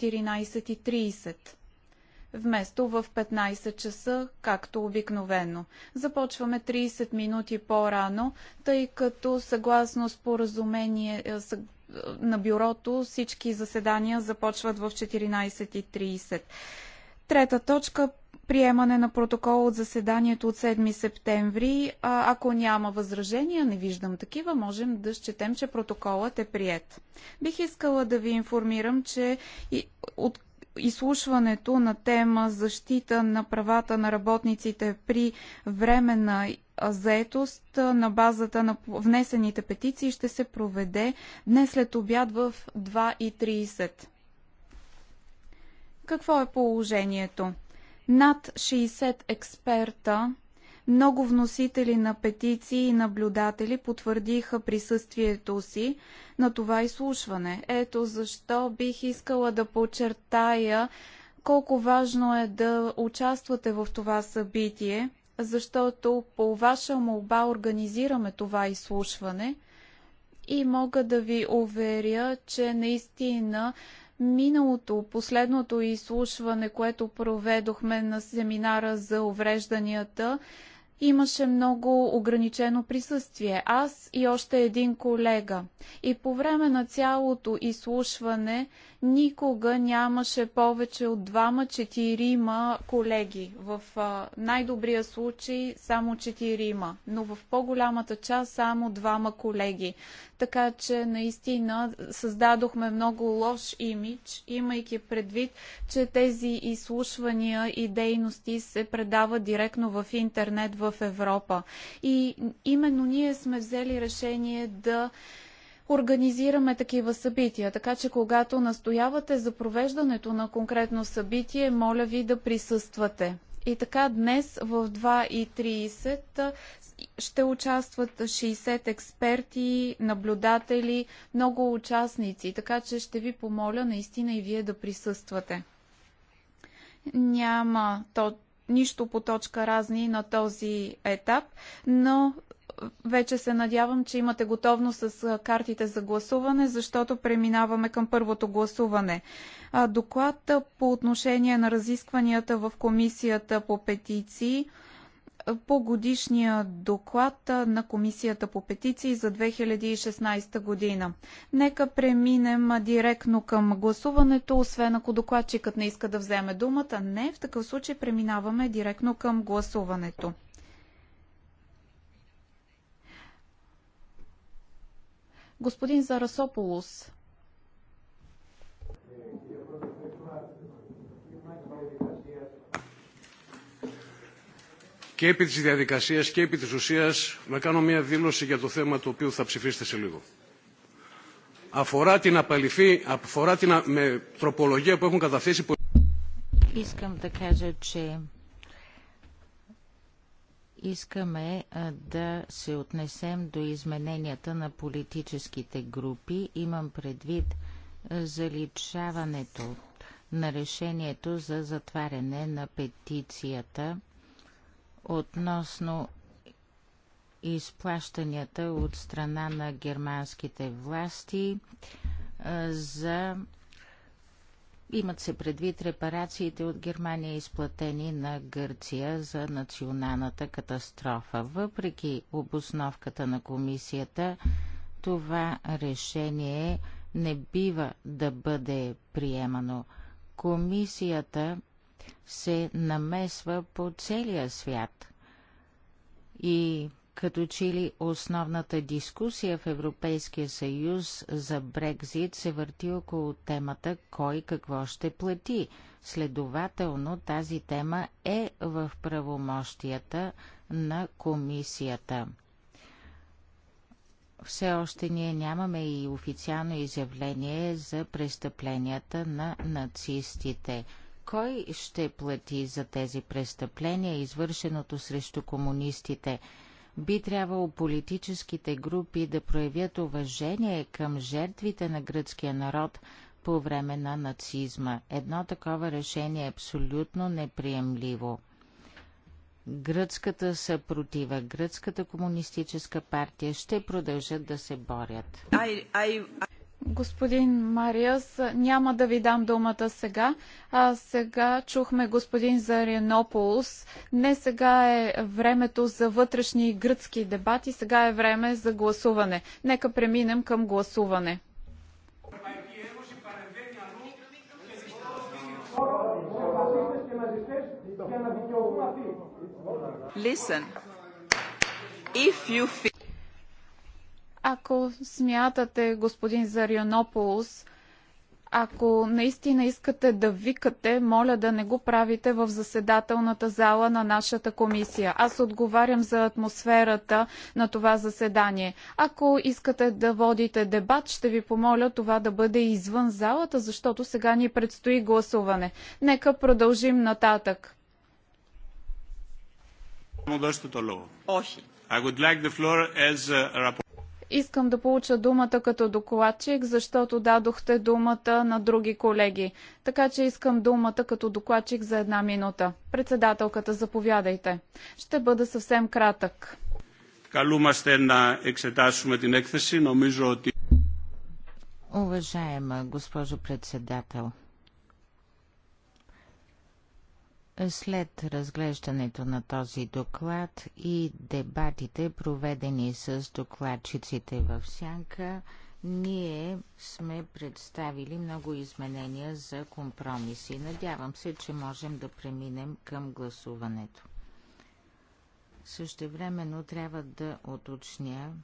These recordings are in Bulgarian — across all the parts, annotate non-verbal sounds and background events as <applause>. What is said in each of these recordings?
14.30 вместо в 15 часа, както обикновено. Започваме 30 минути по-рано, тъй като съгласно споразумение е, е, на бюрото всички заседания започват в 14.30. Трета точка приемане на протокол от заседанието от 7 септември. А, ако няма възражения, не виждам такива, можем да счетем, че протоколът е прият. Бих искала да ви информирам, че и, от изслушването на тема защита на правата на работниците при временна заетост на базата на внесените петиции ще се проведе днес след обяд в 2.30. Какво е положението? над 60 експерта, много вносители на петиции и наблюдатели потвърдиха присъствието си на това изслушване. Ето защо бих искала да подчертая колко важно е да участвате в това събитие, защото по ваша молба организираме това изслушване и мога да ви уверя, че наистина Миналото, последното изслушване, което проведохме на семинара за уврежданията, имаше много ограничено присъствие. Аз и още един колега. И по време на цялото изслушване никога нямаше повече от двама-четирима колеги. В най-добрия случай само четирима, но в по-голямата част само двама колеги така че наистина създадохме много лош имидж, имайки предвид, че тези изслушвания и дейности се предават директно в интернет в Европа. И именно ние сме взели решение да организираме такива събития. Така че, когато настоявате за провеждането на конкретно събитие, моля ви да присъствате. И така днес в 2.30 ще участват 60 експерти, наблюдатели, много участници, така че ще ви помоля наистина и вие да присъствате. Няма то, нищо по точка разни на този етап, но вече се надявам, че имате готовност с картите за гласуване, защото преминаваме към първото гласуване. Доклад по отношение на разискванията в комисията по петиции – по годишния доклад на Комисията по петиции за 2016 година. Нека преминем директно към гласуването, освен ако докладчикът не иска да вземе думата. Не, в такъв случай преминаваме директно към гласуването. Господин Зарасополус, και επί της διαδικασίας και επί της ουσίας να κάνω μια δήλωση για το θέμα το οποίο θα ψηφίσετε σε λίγο. Αφορά την απαλυφή, αφορά την α... με τροπολογία που έχουν καταθέσει... Искам да кажа, че искаме да се отнесем до измененията на политическите групи. Имам предвид заличаването на решението за затваряне на петицията относно изплащанията от страна на германските власти за имат се предвид репарациите от Германия, изплатени на Гърция за националната катастрофа. Въпреки обосновката на комисията, това решение не бива да бъде приемано. Комисията се намесва по целия свят. И като че ли основната дискусия в Европейския съюз за Брекзит се върти около темата кой какво ще плати. Следователно тази тема е в правомощията на комисията. Все още ние нямаме и официално изявление за престъпленията на нацистите – кой ще плати за тези престъпления, извършеното срещу комунистите? Би трябвало политическите групи да проявят уважение към жертвите на гръцкия народ по време на нацизма. Едно такова решение е абсолютно неприемливо. Гръцката съпротива, Гръцката комунистическа партия ще продължат да се борят. I, I, I... Господин Мариас, няма да ви дам думата сега. А сега чухме господин Заренополус. Не сега е времето за вътрешни гръцки дебати, сега е време за гласуване. Нека преминем към гласуване. Listen. If you feel... Ако смятате, господин Зарионополус, ако наистина искате да викате, моля да не го правите в заседателната зала на нашата комисия. Аз отговарям за атмосферата на това заседание. Ако искате да водите дебат, ще ви помоля това да бъде извън залата, защото сега ни предстои гласуване. Нека продължим нататък. Му floor as a Искам да получа думата като докладчик, защото дадохте думата на други колеги. Така че искам думата като докладчик за една минута. Председателката, заповядайте. Ще бъда съвсем кратък. Уважаема госпожо председател, След разглеждането на този доклад и дебатите, проведени с докладчиците в Сянка, ние сме представили много изменения за компромиси. Надявам се, че можем да преминем към гласуването. Същевременно трябва да уточня,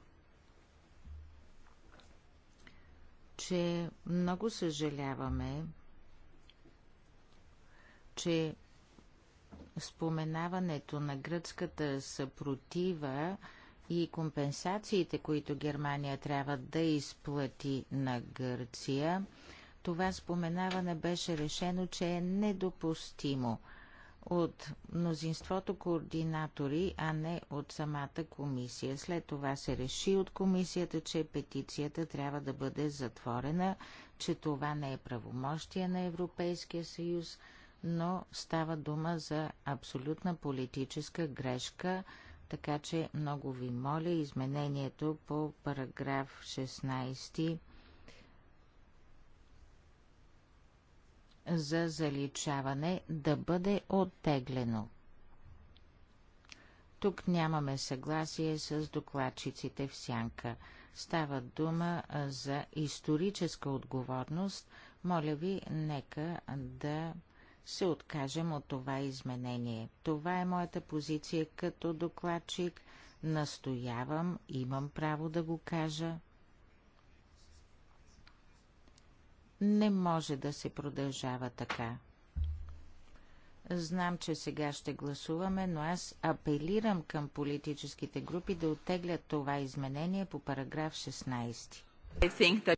че много съжаляваме, че споменаването на гръцката съпротива и компенсациите, които Германия трябва да изплати на Гърция, това споменаване беше решено, че е недопустимо от мнозинството координатори, а не от самата комисия. След това се реши от комисията, че петицията трябва да бъде затворена, че това не е правомощие на Европейския съюз – но става дума за абсолютна политическа грешка, така че много ви моля изменението по параграф 16 за заличаване да бъде оттеглено. Тук нямаме съгласие с докладчиците в сянка. Става дума за историческа отговорност. Моля ви, нека да се откажем от това изменение. Това е моята позиция като докладчик. Настоявам, имам право да го кажа. Не може да се продължава така. Знам, че сега ще гласуваме, но аз апелирам към политическите групи да оттеглят това изменение по параграф 16. That...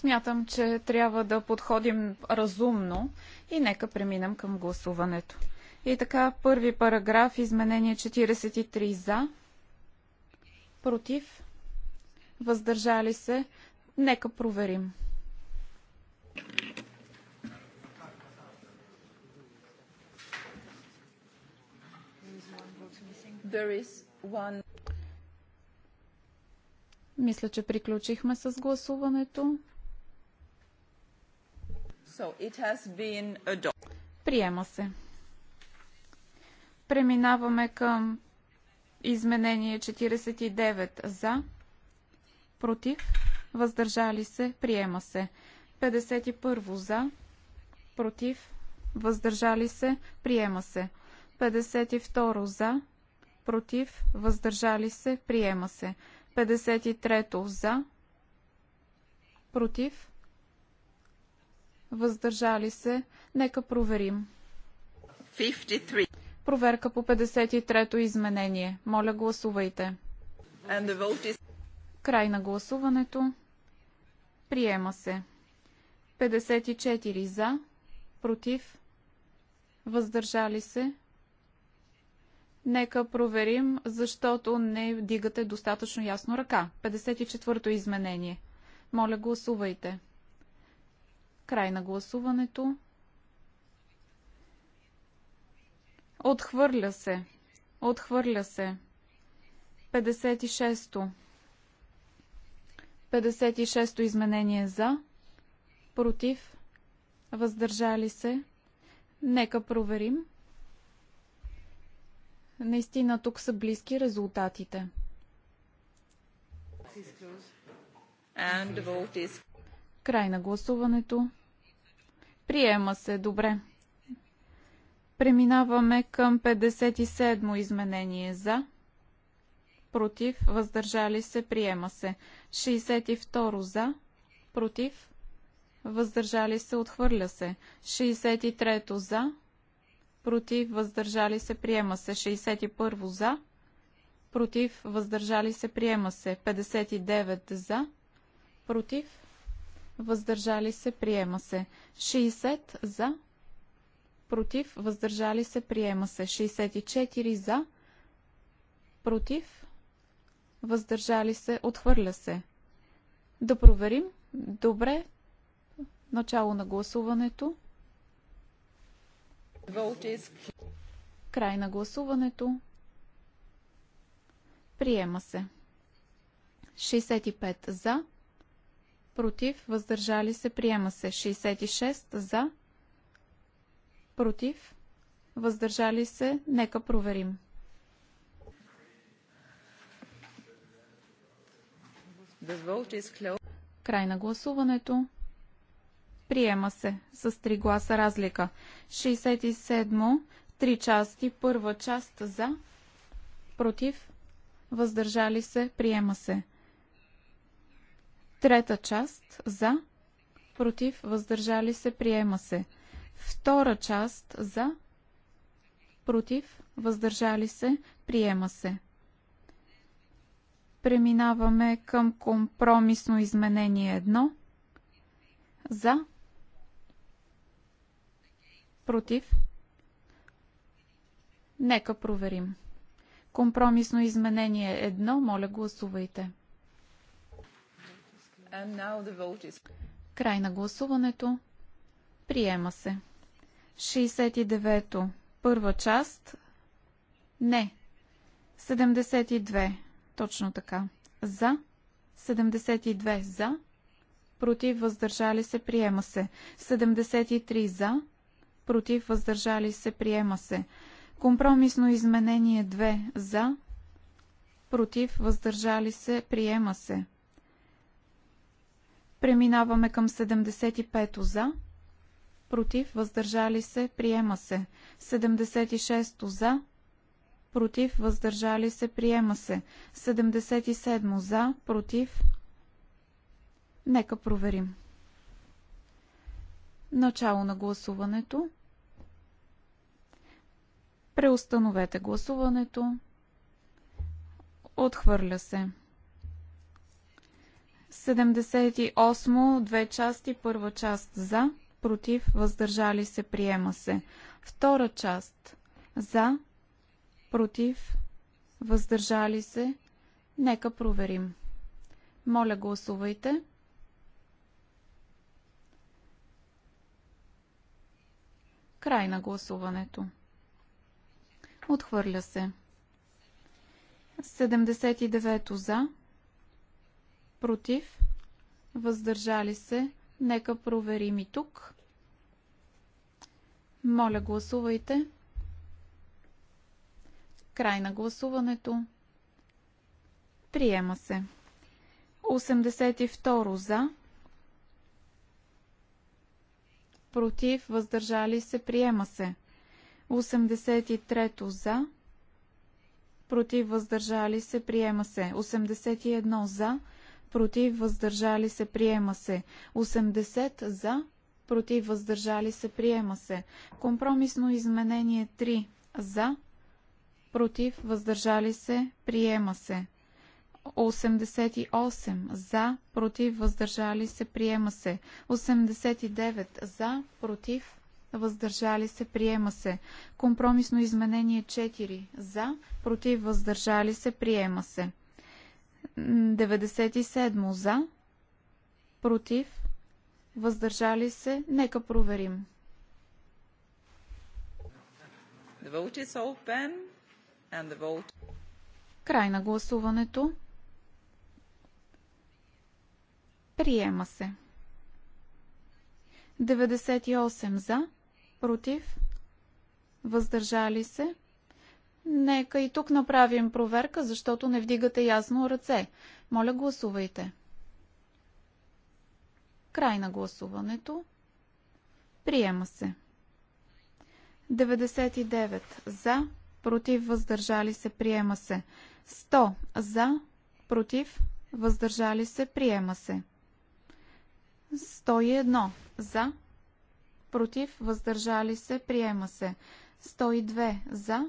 Смятам, че трябва да подходим разумно и нека преминем към гласуването. И така, първи параграф, изменение 43 за, против, въздържали се. Нека проверим. Мисля, че приключихме с гласуването. Приема се. Преминаваме към изменение 49 за, против, въздържали се, приема се. 51 за, против, въздържали се, приема се. 52 за, против, въздържали се, приема се. 53 за, против, въздържали се. Нека проверим. 53. Проверка по 53-то изменение. Моля, гласувайте. Is... Край на гласуването. Приема се. 54 за, против, въздържали се. Нека проверим, защото не вдигате достатъчно ясно ръка. 54-то изменение. Моля, гласувайте. Край на гласуването. Отхвърля се. Отхвърля се. 56-то. 56-то изменение за. Против. Въздържали се. Нека проверим. Наистина тук са близки резултатите. Край на гласуването. Приема се добре. Преминаваме към 57 изменение за. Против. Въздържали се. Приема се. 62 за. Против. Въздържали се. Отхвърля се. 63 за. Против. Въздържали се. Приема се. 61 за. Против. Въздържали се. Приема се. 59 за. Против въздържали се, приема се. 60 за, против, въздържали се, приема се. 64 за, против, въздържали се, отхвърля се. Да проверим. Добре. Начало на гласуването. Край на гласуването. Приема се. 65 за, против, въздържали се, приема се. 66 за, против, въздържали се, нека проверим. Край на гласуването. Приема се с 3 гласа разлика. 67 три части. Първа част за, против, въздържали се, приема се. Трета част за, против, въздържали се, приема се. Втора част за, против, въздържали се, приема се. Преминаваме към компромисно изменение 1. За, против, нека проверим. Компромисно изменение 1, моля гласувайте. Край на гласуването. Приема се. 69-то. Първа част. Не. 72. Точно така. За. 72 за. Против въздържали се. Приема се. 73 за. Против въздържали се. Приема се. Компромисно изменение 2 за. Против въздържали се. Приема се. Преминаваме към 75-то за. Против. Въздържали се. Приема се. 76-то за. Против. Въздържали се. Приема се. 77-то за. Против. Нека проверим. Начало на гласуването. Преустановете гласуването. Отхвърля се. 78, две части, първа част за, против, въздържали се, приема се. Втора част за, против, въздържали се. Нека проверим. Моля, гласувайте. Край на гласуването. Отхвърля се. 79 за, против, въздържали се. Нека проверим и тук. Моля, гласувайте. Край на гласуването. Приема се. 82 за. Против, въздържали се, приема се. 83 за. Против, въздържали се, приема се. 81 за против, въздържали се, приема се. 80 за, против, въздържали се, приема се. Компромисно изменение 3 за, против, въздържали се, приема се. 88 за, против, въздържали се, приема се. 89 за, против, въздържали се, приема се. Компромисно изменение 4 за, против, въздържали се, приема се. 97 за, против, въздържали се. Нека проверим. Vote... Край на гласуването. Приема се. 98 за, против, въздържали се. Нека и тук направим проверка, защото не вдигате ясно ръце. Моля, гласувайте. Край на гласуването. Приема се. 99 за, против, въздържали се, приема се. 100 за, против, въздържали се, приема се. 101 за, против, въздържали се, приема се. 102 за,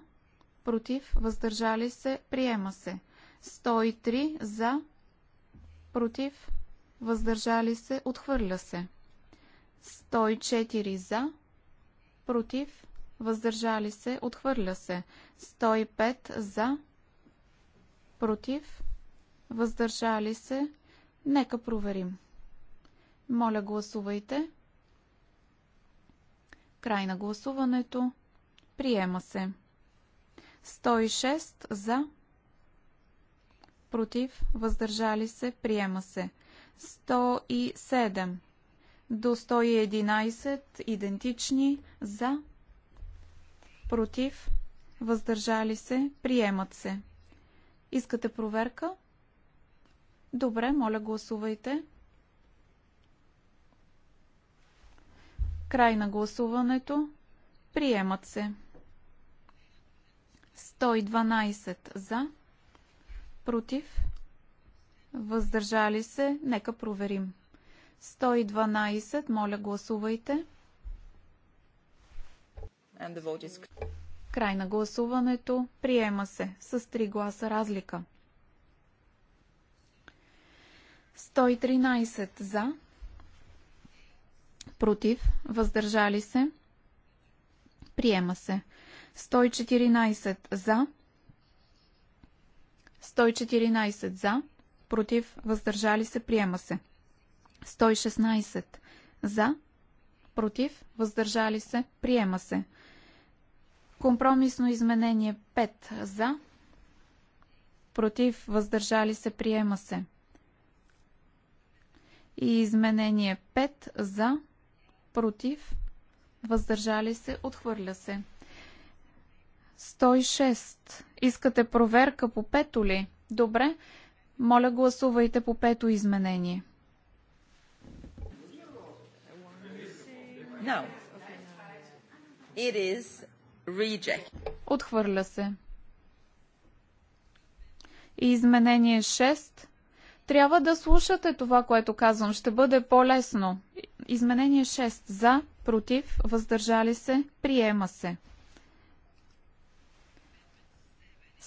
против, въздържали се, приема се. 103 за, против, въздържали се, отхвърля се. 104 за, против, въздържали се, отхвърля се. 105 за, против, въздържали се. Нека проверим. Моля, гласувайте. Край на гласуването. Приема се. 106 за, против, въздържали се, приема се. 107 до 111 идентични за, против, въздържали се, приемат се. Искате проверка? Добре, моля гласувайте. Край на гласуването. Приемат се. 112 за, против, въздържали се, нека проверим. 112, моля гласувайте. Край на гласуването. Приема се с 3 гласа разлика. 113 за. Против. Въздържали се. Приема се. 114 за. 114 за. Против. Въздържали се. Приема се. 116 за. Против. Въздържали се. Приема се. Компромисно изменение 5 за. Против. Въздържали се. Приема се. И изменение 5 за. Против. Въздържали се. Отхвърля се. 106. Искате проверка по пето ли? Добре. Моля, гласувайте по пето изменение. No. It is reject. Отхвърля се. И изменение 6. Трябва да слушате това, което казвам. Ще бъде по-лесно. Изменение 6. За, против, въздържали се, приема се.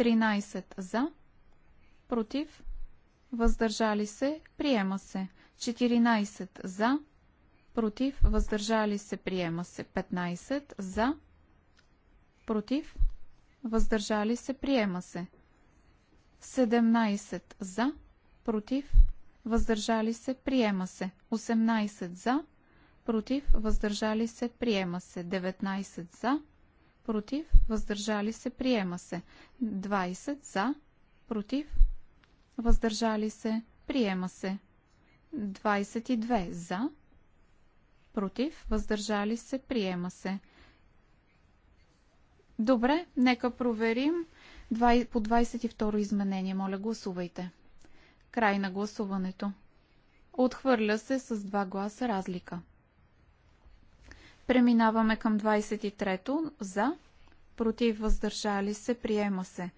13 за, против, въздържали се, приема се. 14 за, против, въздържали се, приема се. 15 за, против, въздържали се, приема се. 17 за, против, въздържали се, приема се. 18 за, против, въздържали се, приема се. 19 за, против, против, въздържали се, приема се. 20 за, против, въздържали се, приема се. 22 за, против, въздържали се, приема се. Добре, нека проверим по 22 изменение. Моля, гласувайте. Край на гласуването. Отхвърля се с два гласа разлика. Преминаваме към 23-то. За. Против. Въздържали се. Приема се.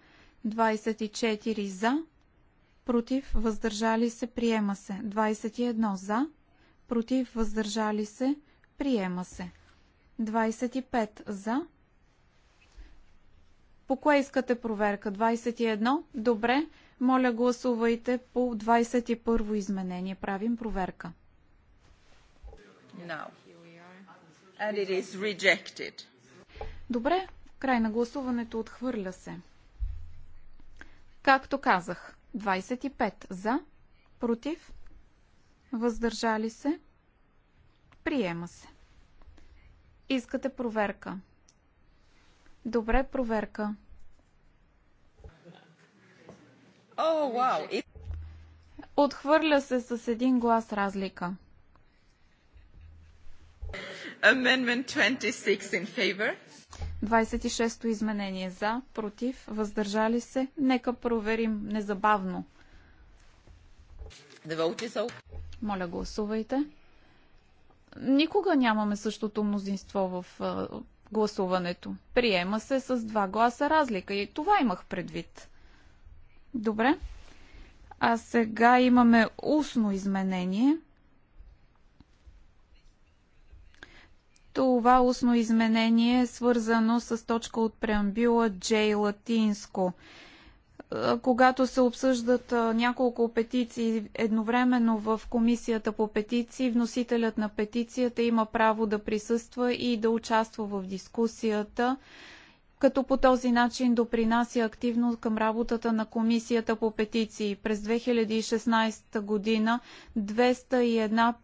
24 за. Против. Въздържали се. Приема се. 21 за. Против. Въздържали се. Приема се. 25 за. По кое искате проверка? 21? Добре. Моля гласувайте по 21 изменение. Правим проверка. Now. And it is rejected. Добре, край на гласуването отхвърля се. Както казах, 25 за, против, въздържали се, приема се. Искате проверка. Добре, проверка. Oh, wow. Отхвърля се с един глас разлика. Amendment 26 in favor. 26-то изменение за, против, въздържали се. Нека проверим незабавно. Моля, гласувайте. Никога нямаме същото мнозинство в гласуването. Приема се с два гласа разлика и това имах предвид. Добре. А сега имаме устно изменение. Това устно изменение е свързано с точка от преамбюла J латинско. Е, когато се обсъждат е, няколко петиции едновременно в комисията по петиции, вносителят на петицията има право да присъства и да участва в дискусията като по този начин допринася активно към работата на Комисията по петиции. През 2016 година 201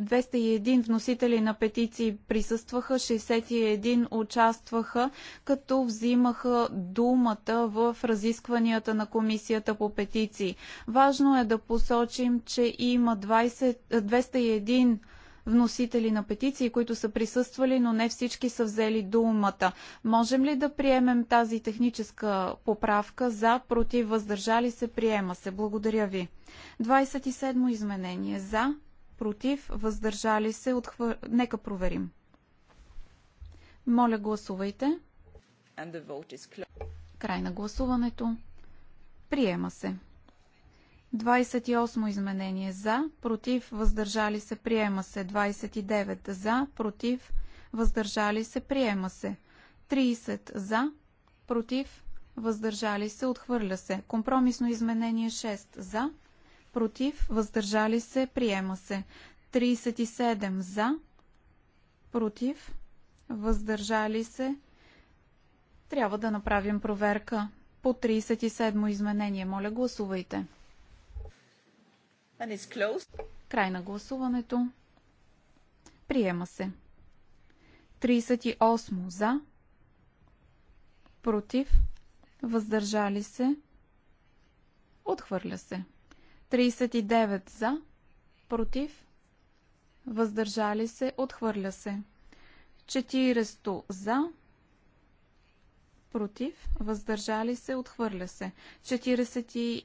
201 вносители на петиции присъстваха, 61 участваха, като взимаха думата в разискванията на комисията по петиции. Важно е да посочим, че има 20, 201 е, вносители на петиции, които са присъствали, но не всички са взели думата. Можем ли да приемем тази техническа поправка за, против, въздържали се, приема се. Благодаря ви. 27 изменение за, против, въздържали се, отхвър... нека проверим. Моля, гласувайте. Край на гласуването. Приема се. 28 изменение за, против, въздържали се, приема се. 29 за, против, въздържали се, приема се. 30 за, против, въздържали се, отхвърля се. Компромисно изменение 6 за, против, въздържали се, приема се. 37 за, против, въздържали се. Трябва да направим проверка. По 37 изменение, моля гласувайте. Край на гласуването. Приема се. 38 за, против, въздържали се, отхвърля се. 39 за, против, въздържали се, отхвърля се. 40 за, против, въздържали се, отхвърля се. 42.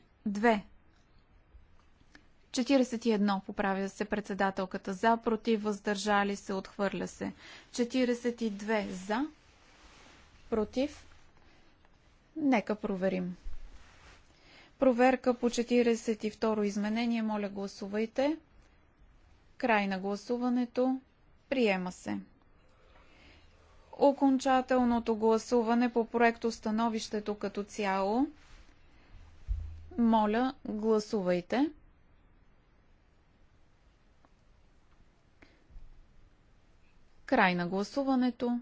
41 поправя се председателката за, против, въздържали се, отхвърля се. 42 за, против. Нека проверим. Проверка по 42 изменение. Моля, гласувайте. Край на гласуването. Приема се. Окончателното гласуване по проекто становището като цяло. Моля, гласувайте. Край на гласуването.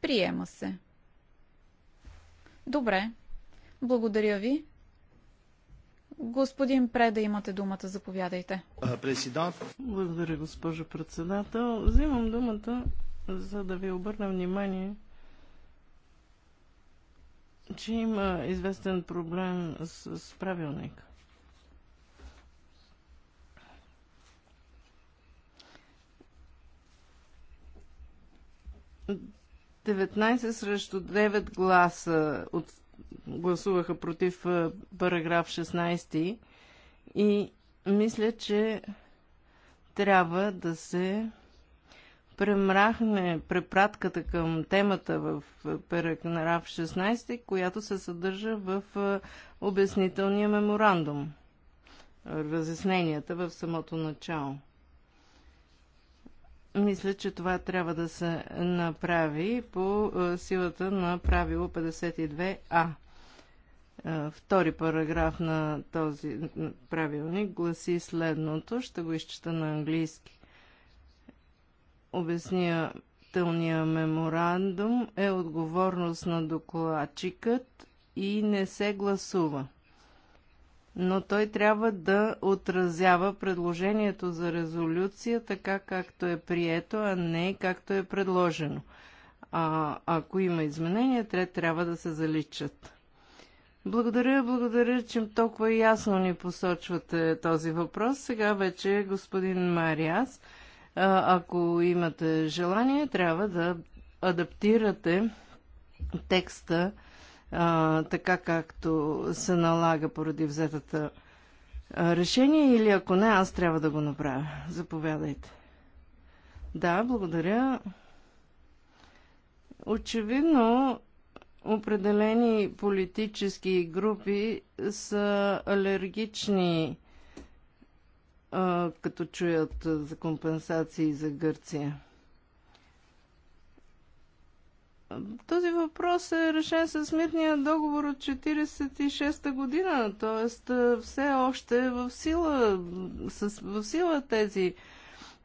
Приема се. Добре. Благодаря ви. Господин Преда, имате думата, заповядайте. Президент. Благодаря, госпожо председател. Взимам думата, за да ви обърна внимание, че има известен проблем с, с правилника. Деветнайсет срещу девет гласа от гласуваха против параграф 16 и мисля, че трябва да се премрахне препратката към темата в параграф 16, която се съдържа в обяснителния меморандум. Разясненията в самото начало. Мисля, че това трябва да се направи по силата на правило 52А. Е, втори параграф на този правилник гласи следното. Ще го изчета на английски. тълния меморандум е отговорност на докладчикът и не се гласува. Но той трябва да отразява предложението за резолюция така както е прието, а не както е предложено. А ако има изменения, те трябва да се заличат. Благодаря, благодаря, че толкова ясно ни посочвате този въпрос. Сега вече господин Мариас, ако имате желание, трябва да адаптирате текста а, така както се налага поради взетата решение или ако не, аз трябва да го направя. Заповядайте. Да, благодаря. Очевидно, определени политически групи са алергични като чуят за компенсации за Гърция. Този въпрос е решен с мирния договор от 1946 година, т.е. все още е в сила, в сила тези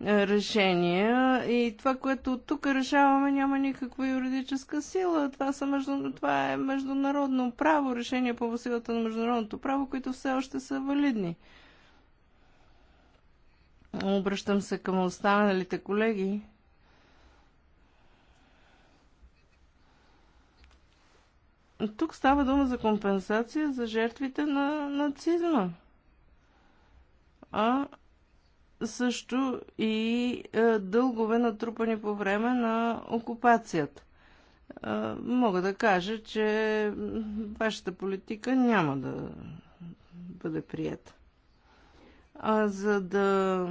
е, решения и това, което тук решаваме, няма никаква юридическа сила. Това, са между... това е международно право, решение по силата на международното право, които все още са валидни. Обръщам се към останалите колеги. Тук става дума за компенсация за жертвите на нацизма. А също и е, дългове натрупани по време на окупацията. Е, мога да кажа, че вашата политика няма да бъде прията. А за да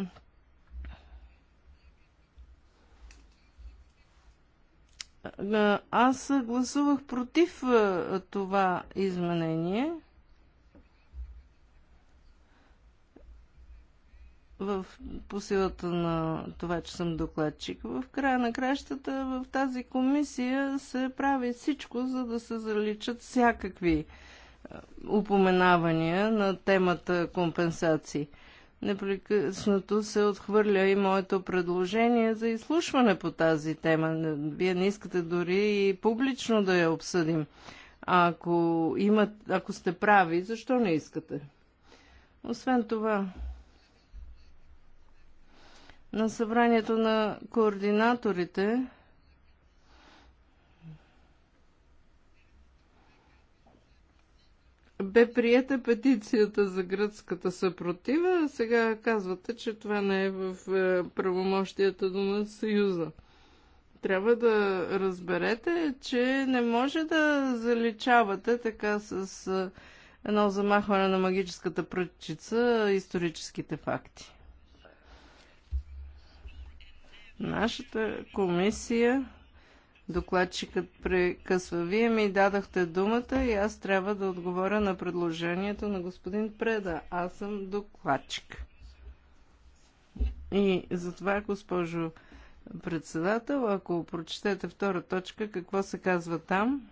е, Аз гласувах против това изменение в, по силата на това, че съм докладчик. В края на кращата в тази комисия се прави всичко, за да се заличат всякакви е, упоменавания на темата компенсации. Непрекъснато се отхвърля и моето предложение за изслушване по тази тема. Вие не искате дори и публично да я обсъдим. А ако, имат, ако сте прави, защо не искате? Освен това, на събранието на координаторите бе приета петицията за гръцката съпротива, а сега казвате, че това не е в е, правомощията на Съюза. Трябва да разберете, че не може да заличавате така с е, едно замахване на магическата пръчица историческите факти. Нашата комисия, докладчикът прекъсва. Вие ми дадахте думата и аз трябва да отговоря на предложението на господин Преда. Аз съм докладчик. И затова, госпожо председател, ако прочетете втора точка, какво се казва там,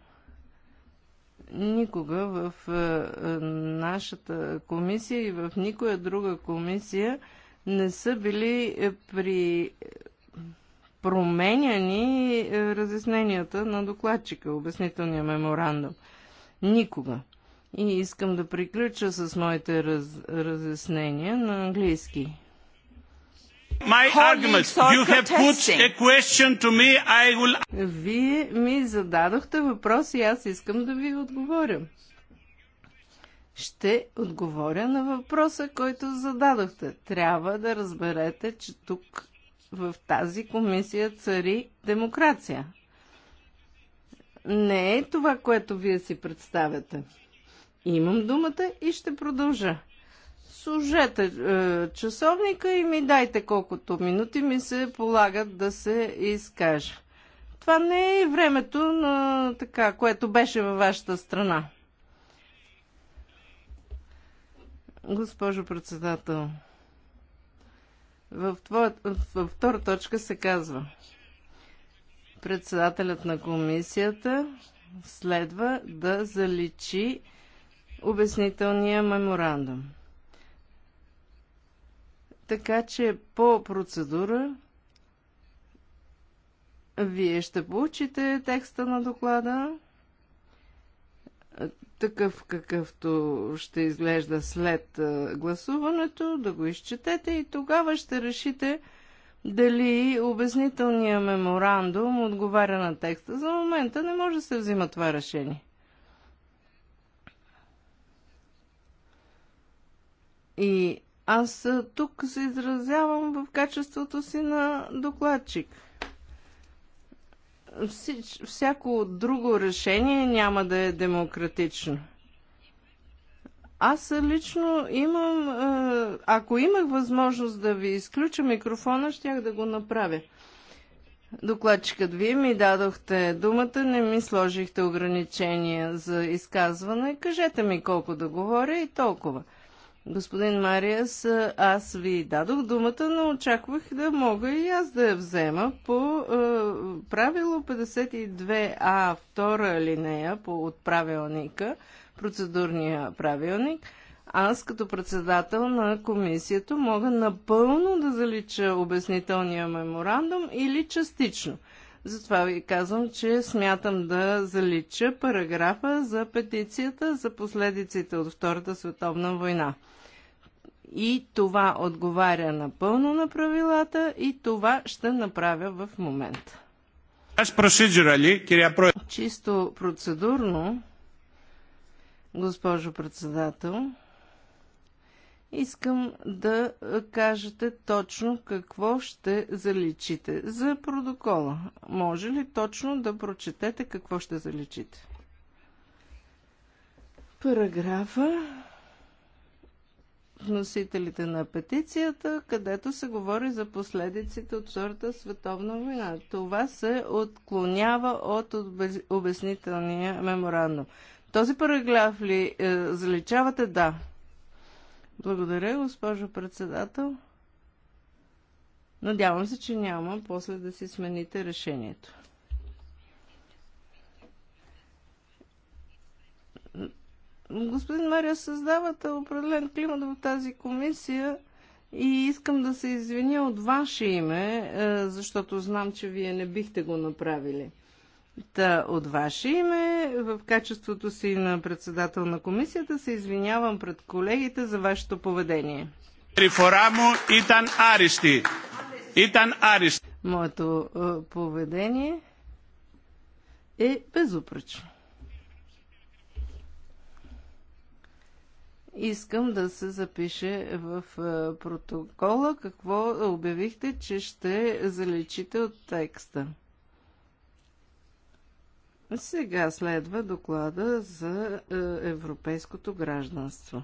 никога в е, е, нашата комисия и в никоя друга комисия не са били е, при променяни е, разясненията на докладчика, обяснителния меморандум. Никога. И искам да приключа с моите раз, разяснения на английски. My argument. You have put a question to me. I will... Вие ми зададохте въпрос и аз искам да ви отговоря. Ще отговоря на въпроса, който зададохте. Трябва да разберете, че тук в тази комисия цари демокрация. Не е това, което вие си представяте. Имам думата и ще продължа. Служете е, часовника и ми дайте колкото минути ми се полагат да се изкажа. Това не е времето, на, така, което беше във вашата страна. Госпожо председател, във втора точка се казва председателят на комисията следва да заличи обяснителния меморандум. Така че по процедура вие ще получите текста на доклада такъв какъвто ще изглежда след гласуването, да го изчетете и тогава ще решите дали обяснителният меморандум отговаря на текста. За момента не може да се взима това решение. И аз тук се изразявам в качеството си на докладчик – всич, всяко друго решение няма да е демократично. Аз лично имам, е, ако имах възможност да ви изключа микрофона, щях да го направя. Докладчикът, вие ми дадохте думата, не ми сложихте ограничения за изказване. Кажете ми колко да говоря и толкова. Господин Мариас, аз ви дадох думата, но очаквах да мога и аз да я взема по е, правило 52А, втора линея по, от правилника, процедурния правилник. Аз като председател на комисията мога напълно да залича обяснителния меморандум или частично. Затова ви казвам, че смятам да залича параграфа за петицията за последиците от Втората световна война. И това отговаря напълно на правилата и това ще направя в момента. Чисто процедурно, госпожо председател, искам да кажете точно какво ще заличите за протокола. Може ли точно да прочетете какво ще заличите? Параграфа вносителите на петицията, където се говори за последиците от Втората световна война. Това се отклонява от обяснителния меморандум. Този параграф ли е, заличавате? Да. Благодаря, госпожо председател. Надявам се, че няма после да си смените решението. Господин Мария, създавате определен климат в тази комисия и искам да се извиня от ваше име, е, защото знам, че вие не бихте го направили. Та от ваше име, в качеството си на председател на комисията, се извинявам пред колегите за вашето поведение. Рифора Итан Аристи. Итан Аристи. Моето е, поведение е безупречно. Искам да се запише в е, протокола какво обявихте, че ще заличите от текста. Сега следва доклада за е, европейското гражданство.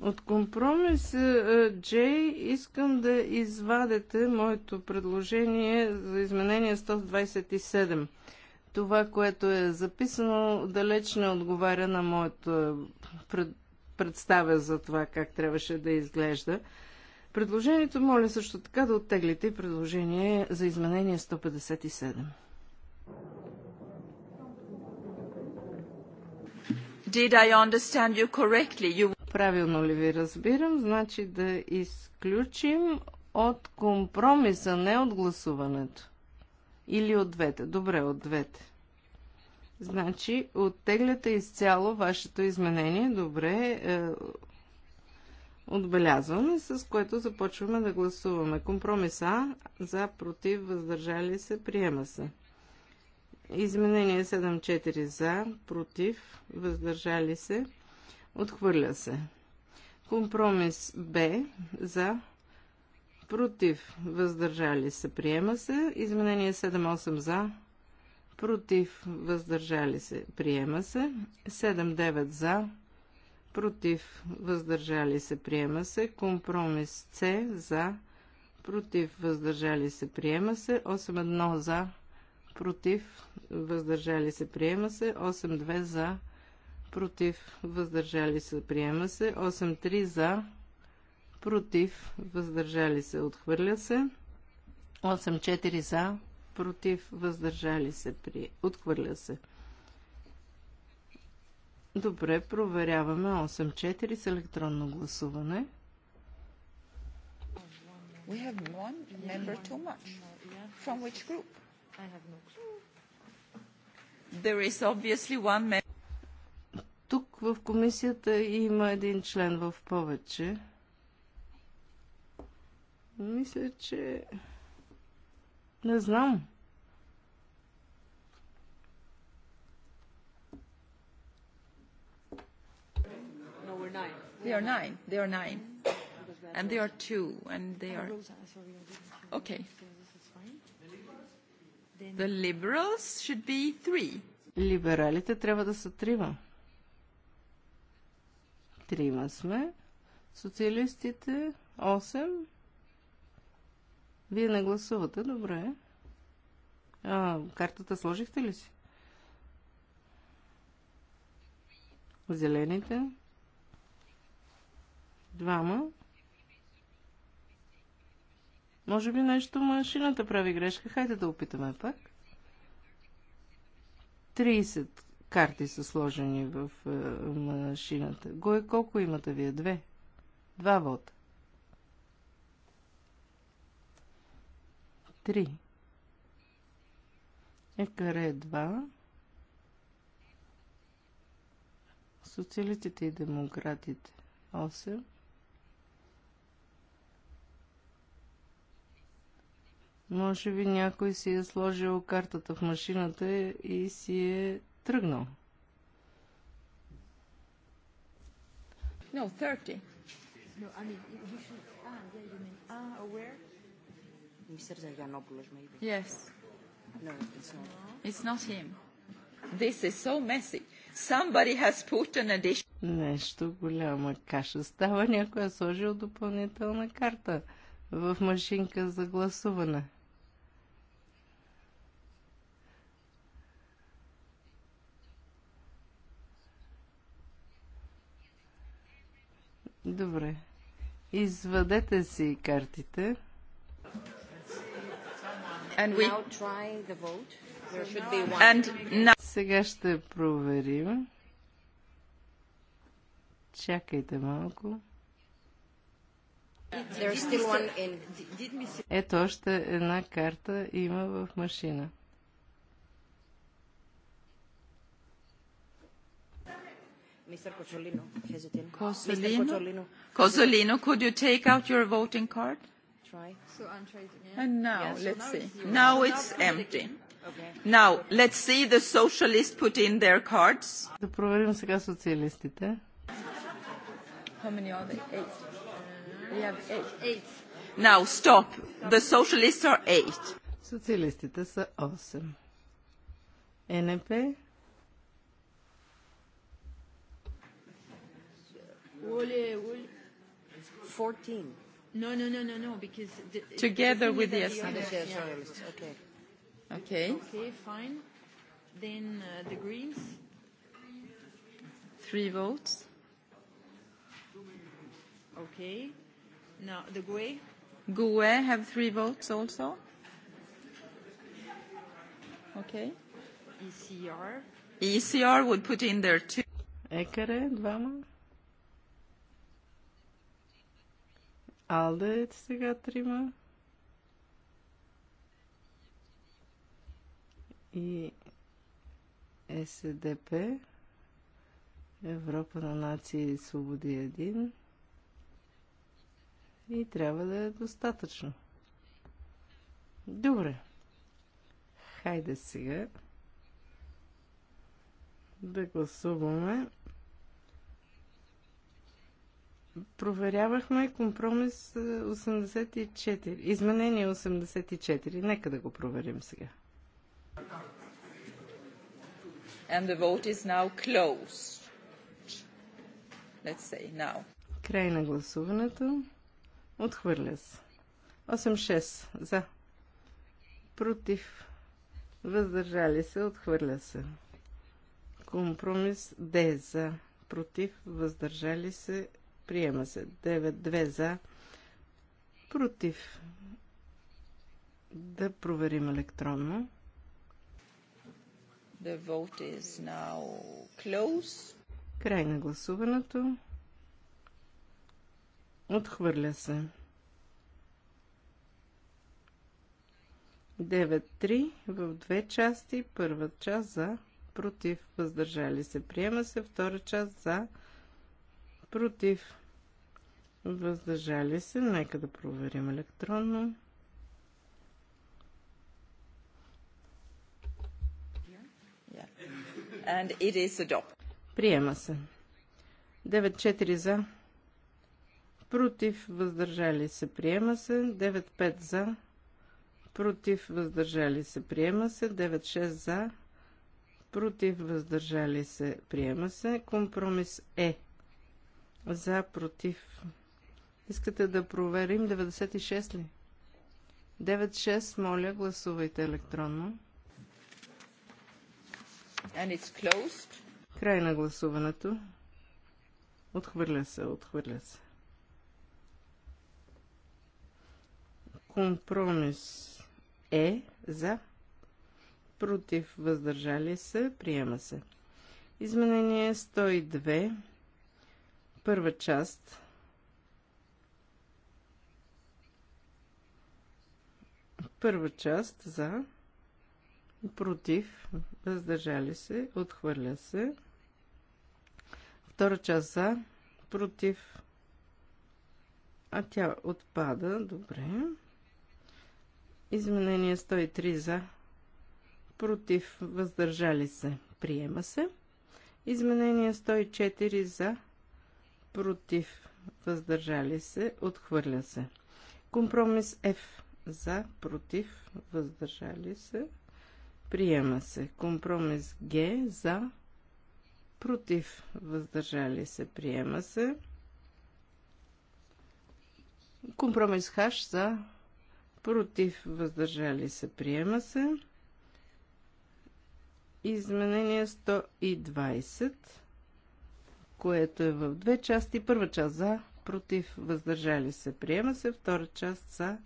От компромис е, Джей искам да извадете моето предложение за изменение 127 това, което е записано, далеч не отговаря на моето е, представя за това как трябваше да изглежда. Предложението моля също така да оттеглите предложение за изменение 157. Did I understand you correctly? You... Правилно ли ви разбирам? Значи да изключим от компромиса, не от гласуването. Или от двете? Добре, от двете. Значи, оттегляте изцяло вашето изменение. Добре, е, отбелязваме, с което започваме да гласуваме. Компромиса за, против, въздържали се, приема се. Изменение 7-4 за, против, въздържали се, отхвърля се. Компромис Б за, против, въздържали се, приема се. Изменение 7-8 за, против, въздържали се, приема се. 7-9 за, против, въздържали се, приема се. Компромис С за, против, въздържали се, приема се. 8-1 за, против, въздържали се, приема се. 8-2 за, против, въздържали се, приема се. 8-3 за, против, против, въздържали се, отхвърля се. 8-4 за, против, въздържали се, при... отхвърля се. Добре, проверяваме 8-4 с електронно гласуване. We have one member too much. From which group? I have no clue. There is obviously one member. Тук в комисията има един член в повече. Мисля, че не знам. They are nine. They are nine. And they are two. And they are. Okay. The liberals should be three. Либералите трябва да са трима. Трима сме. Социалистите 8. Вие не гласувате, добре. А, картата сложихте ли си? Зелените. Двама. Може би нещо машината прави грешка. Хайде да опитаме пак. 30 карти са сложени в е, машината. Гое колко имате вие? Две? Два вода. 3. Екаре, 2. Социалистите и демократите 8. Може би някой си е сложил картата в машината и си е тръгнал. No, 30. No, I mean, should... Ah, yeah, you mean... Ah, where? Mr. Zaganopoulos, maybe. Yes. No, it's not. It's not him. This is so messy. Somebody has put an addition. Нещо голяма каша става. Някой е сложил допълнителна карта в машинка за гласуване. Добре. Извадете си картите. Сега ще проверим. Чакайте малко. Ето още една карта има в машина. Козолино, could you take out your voting card? try. So I'm untried again. And now, yes, let's so now see. It's now it's now empty. Okay. Now, let's see the socialists put in their cards. How many are they? Eight. We have eight. Eight. Now, stop. The socialists are eight. Socialists са 8. НП Оле, оле. 14. No, no, no, no, no, because... The, Together with the Assemblée. Okay. Okay. Okay, fine. Then uh, the Greens. Three votes. Okay. Now the GUE. GUE have three votes also. Okay. ECR. ECR would put in there two. Екаре, двама. Алде е сега трима. И СДП. Европа на нации и свободи един. И трябва да е достатъчно. Добре. Хайде сега да гласуваме Проверявахме компромис 84. Е, Изменение 84. Нека да го проверим сега. And the vote is now closed. Let's say now. Край на гласуването. Отхвърля се. 8-6 за. Против. Въздържали се. Отхвърля се. Компромис Д за. Против. Въздържали се. Приема се 9-2 за. Против. Да проверим електронно. The vote is now close. Край на гласуването. Отхвърля се. 9-3 в две части. Първа част за против, въздържали се. Приема се втора част за против, въздържали се. Нека да проверим електронно. And it is Приема се. 9-4 за. Против, въздържали се, приема се. 9-5 за. Против, въздържали се, приема се. 9-6 за. Против, въздържали се, приема се. Компромис Е за, против. Искате да проверим 96 ли? 96, моля, гласувайте електронно. And it's closed. Край на гласуването. Отхвърля се, отхвърля се. Компромис е за. Против въздържали се, приема се. Изменение 102. Първа част. Първа част за, против, въздържали се, отхвърля се. Втора част за, против, а тя отпада, добре. Изменение 103 за, против, въздържали се, приема се. Изменение 104 за, против, въздържали се, отхвърля се. Компромис F за, против, въздържали се, приема се. Компромис Г за, против, въздържали се, приема се. Компромис Х за, против, въздържали се, приема се. Изменение 120 което е в две части. Първа част за, против, въздържали се, приема се. Втора част за,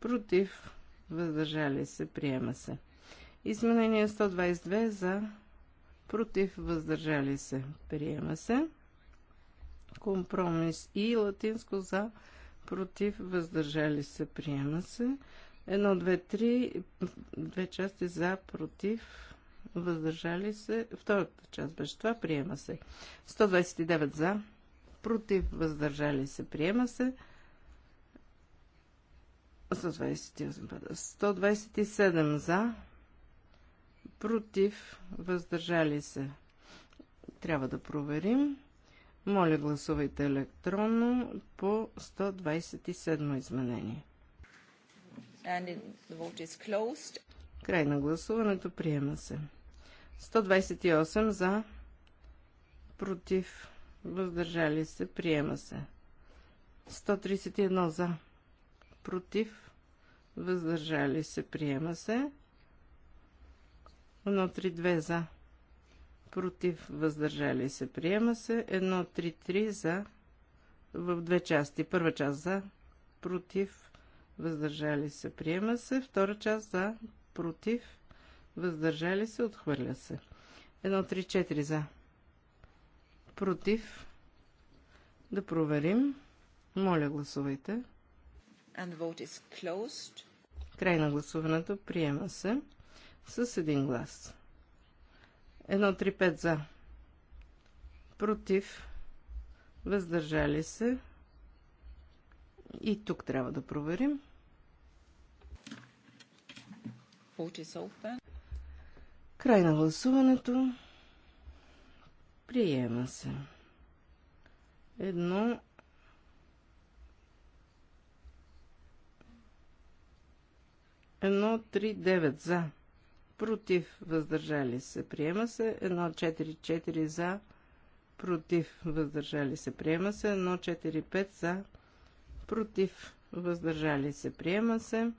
против, въздържали се, приема се. Изменение 122 за, против, въздържали се, приема се. Компромис и латинско за, против, въздържали се, приема се. Едно, две, три, две части за, против, въздържали се. Втората част беше това, приема се. 129 за, против, въздържали се, приема се. 127 за, против, въздържали се. Трябва да проверим. Моля, гласувайте електронно по 127 изменение. And the vote is closed. Край на гласуването. Приема се. 128 за. Против. Въздържали се. Приема се. 131 за. Против. Въздържали се. Приема се. 132 за. Против. Въздържали се. Приема се. 133 за. В две части. Първа част за. Против. Въздържали се. Приема се. Втора част за против, въздържали се, отхвърля се. 1-3-4 за. Против. Да проверим. Моля, гласувайте. And vote is closed. Край на гласуването. Приема се с един глас. 1-3-5 за. Против. Въздържали се. И тук трябва да проверим. Край на гласуването. Приема се. Едно. Едно, три, девет за. Против, въздържали се. Приема се. Едно, четири, четири за. Против, въздържали се. Приема се. Едно, четири, пет за. Против, въздържали се. Приема се.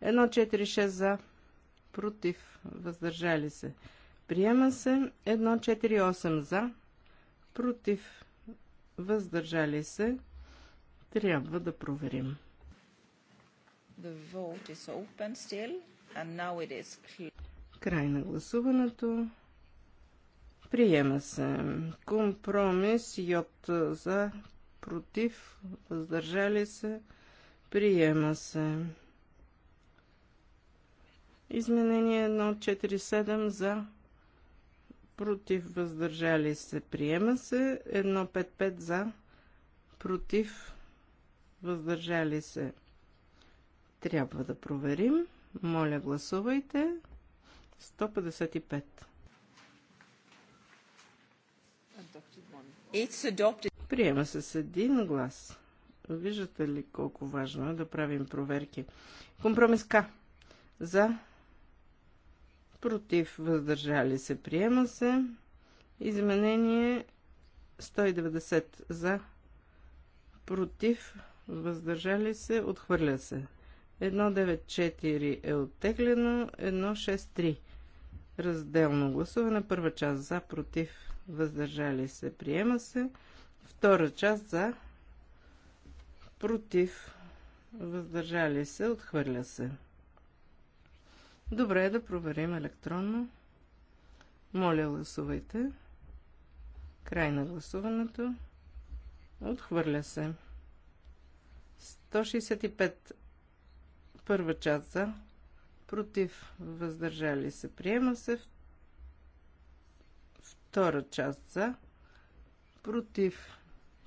Едно, четири, шест за против, въздържали се. Приема се 148 за, против, въздържали се. Трябва да проверим. The vote is open still and now it is clear. Край на гласуването. Приема се. Компромис Йот за, против, въздържали се. Приема се. Изменение 1.4.7 за против въздържали се приема се 1.5.5 за против въздържали се трябва да проверим. Моля гласувайте. 155. Приема се с един глас. Виждате ли колко важно е да правим проверки? Компромис К. За, против, въздържали се, приема се. Изменение 190 за, против, въздържали се, отхвърля се. 194 е оттеглено, 163. Разделно гласуване. Първа част за, против, въздържали се, приема се. Втора част за, против, въздържали се, отхвърля се. Добре е да проверим електронно. Моля, гласувайте. Край на гласуването. Отхвърля се. 165. Първа част за. Против. Въздържали се. Приема се. Втора част за. Против.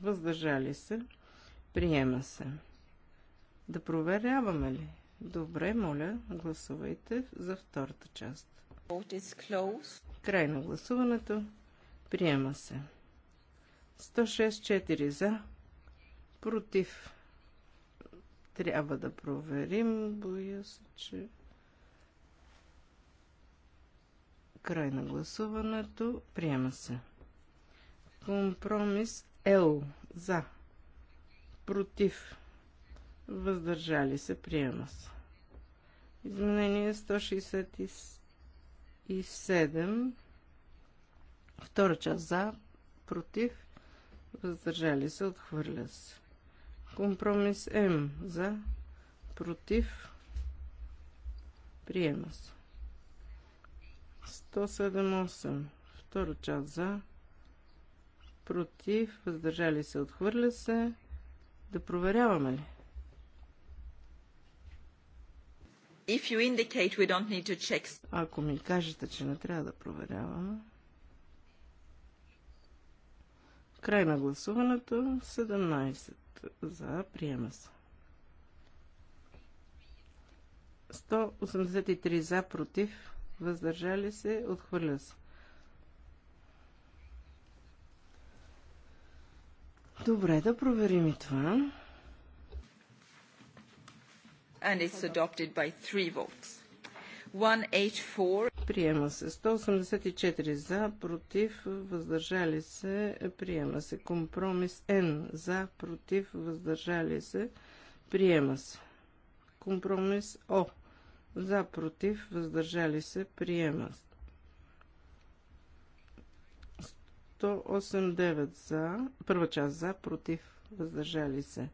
Въздържали се. Приема се. Да проверяваме ли? Добре, моля, гласувайте за втората част. Край на гласуването. Приема се. 106-4 за. Против. Трябва да проверим. Боя се, че... Край на гласуването. Приема се. Компромис Л. За. Против въздържали се, приема се. Изменение 167, втора част за, против, въздържали се, отхвърля се. Компромис М за, против, приема се. 178, втора част за, против, въздържали се, отхвърля се. Да проверяваме ли? If you indicate we don't need to check... Ако ми кажете, че не трябва да проверяваме... Край на гласуването. 17 за. Приема се. 183 за. Против. Въздържали се. Отхвърля се. Добре, да проверим и това and it's adopted by three votes. 184. Приема се 184 за, против, въздържали се. Приема се компромис Н за, против, въздържали се. Приема се. Компромис О за, против, въздържали се. Приема се. 189 за, първа част за, против, въздържали се.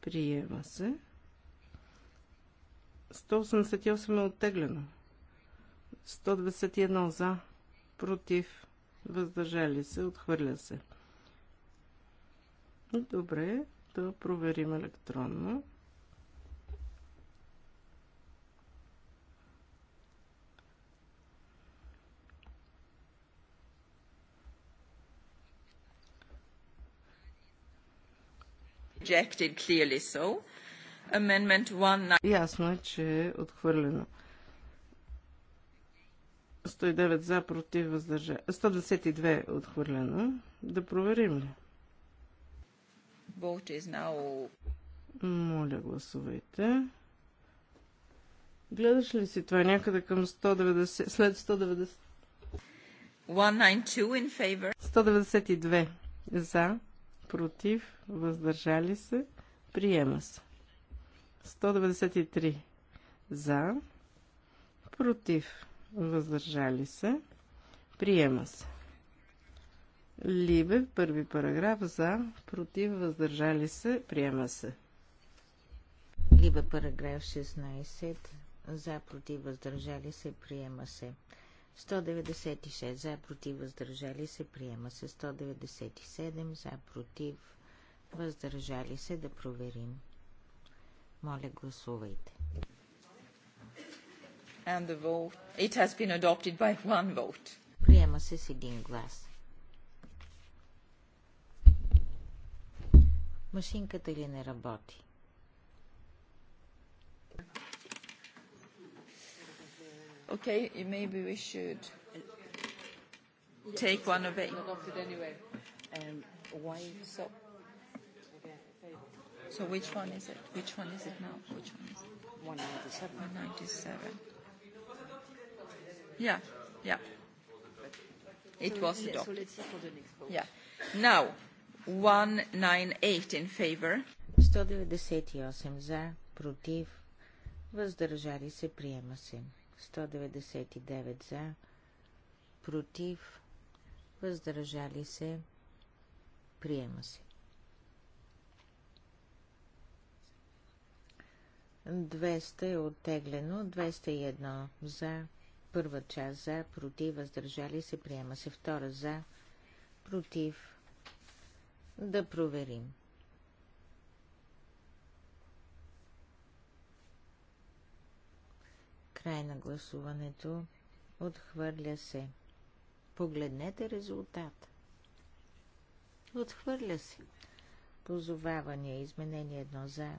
Приема се. 188 е оттеглено. 191 за, против, въздържали се, отхвърля се. Добре, да проверим електронно. Rejected clearly so. Ясно е, че е отхвърлено. 109 за, против, въздържа. 192 е отхвърлено. Да проверим ли? Моля, гласувайте. Гледаш ли си това някъде към 190, след 190? 192 за, против, въздържали се, приема се. 193 за, против, въздържали се, приема се. Либе, първи параграф, за, против, въздържали се, приема се. Либе, параграф 16, за, против, въздържали се, приема се. 196 за, против, въздържали се, приема се. 197 за, против, въздържали се, да проверим. Моля, гласувайте. And the vote. It has been adopted by one vote. Приема се с един глас. Машинката ли не работи? Okay, maybe we should take one away. Um, why so? So which one is it? Which one is it now? Which one is it? 197. 197. Yeah, yeah. It was adopted. Yeah. Now, 198 in favor. 198 за, против, въздържали се, приема се. 199 за, против, въздържали се, приема се. 200 е оттеглено, 201 за, първа част за, против, въздържали се, приема се, втора за, против, да проверим. Край на гласуването. Отхвърля се. Погледнете резултат. Отхвърля се. Позоваване. Изменение едно за.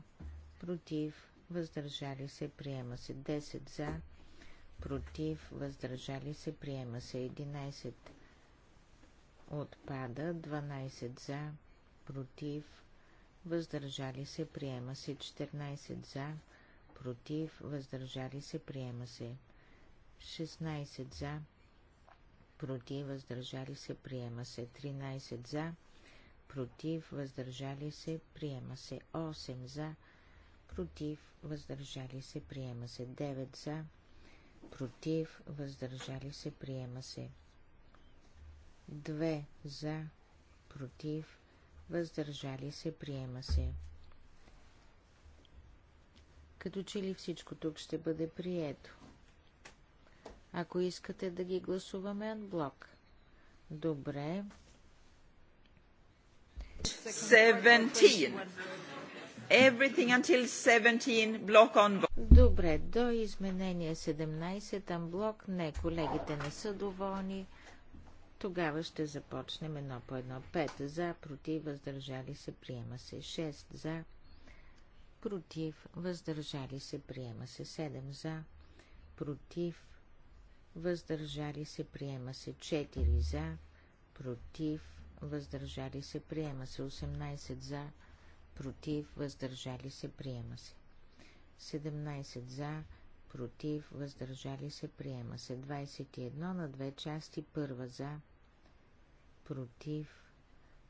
Против въздържали се, приема се 10 за, против, въздържали се, приема се 11 отпада, 12 за, против, въздържали се, приема се 14 за, против, въздържали се, приема се 16 за, против, въздържали се, приема се 13 за, против, въздържали се, приема се 8 за, против, против, въздържали се, приема се. 9 за, против, въздържали се, приема се. 2 за, против, въздържали се, приема се. Като че ли всичко тук ще бъде прието? Ако искате да ги гласуваме анблок. Добре. 17. Everything until 17 block on Добре, до изменение 17 анблок. Не, колегите не са доволни. Тогава ще започнем едно по едно. 5 за, против, въздържали се, приема се. 6 за, против, въздържали се, приема се. 7 за, против, въздържали се, приема се. 4 за, против, въздържали се, приема се. 18 за, против, против, въздържали се, приема се. 17 за, против, въздържали се, приема се. 21 на две части, първа за, против,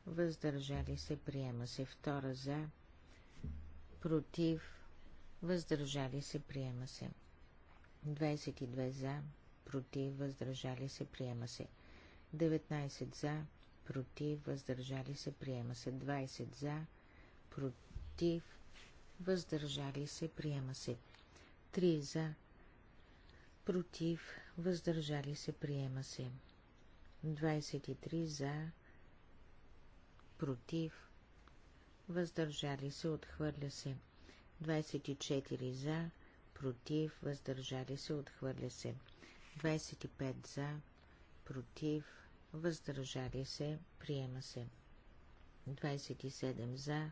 въздържали се, приема се. Втора за, против, въздържали се, приема се. 22 за, против, въздържали се, приема се. 19 за, против, въздържали се, приема се. 20 за, против, въздържали се, приема се. 3 за, против, въздържали се, приема се. 23 за, против, въздържали се, отхвърля се. 24 за, против, въздържали се, отхвърля се. 25 за, против, въздържали се, приема се. 27 за,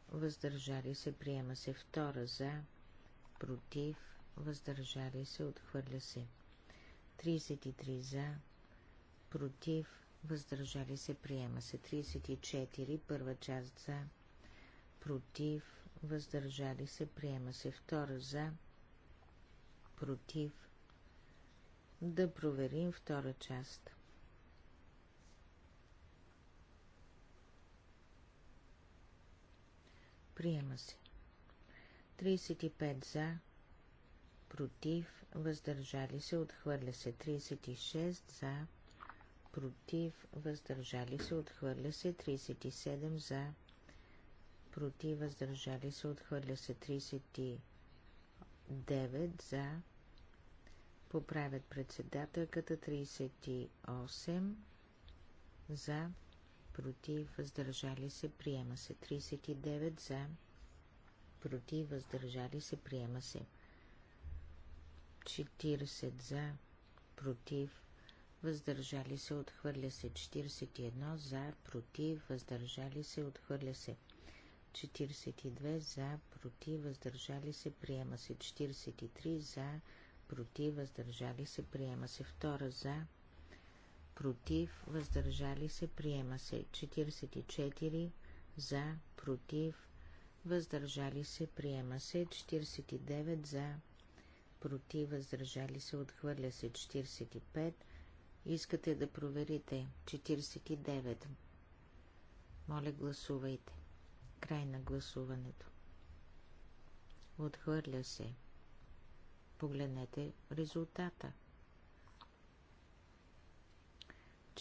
въздържали се, приема се. Втора за, против, въздържали се, отхвърля се. 33 за, против, въздържали се, приема се. 34, първа част за, против, въздържали се, приема се. Втора за, против. Да проверим втора част. Приема се. 35 за, против, въздържали се, отхвърля се. 36 за, против, въздържали се, отхвърля се. 37 за, против, въздържали се, отхвърля се. 39 за, поправят председателката. 38 за, против, въздържали се, приема се. 39 за, против, въздържали се, приема се. 40 за, против, въздържали се, отхвърля се. 41 за, против, въздържали се, отхвърля се. 42 за, против, въздържали се, приема се. 43 за, против, въздържали се, приема се. 2 за, против, въздържали се, приема се. 44 за, против, въздържали се, приема се. 49 за, против, въздържали се, отхвърля се. 45. Искате да проверите. 49. Моля, гласувайте. Край на гласуването. Отхвърля се. Погледнете резултата.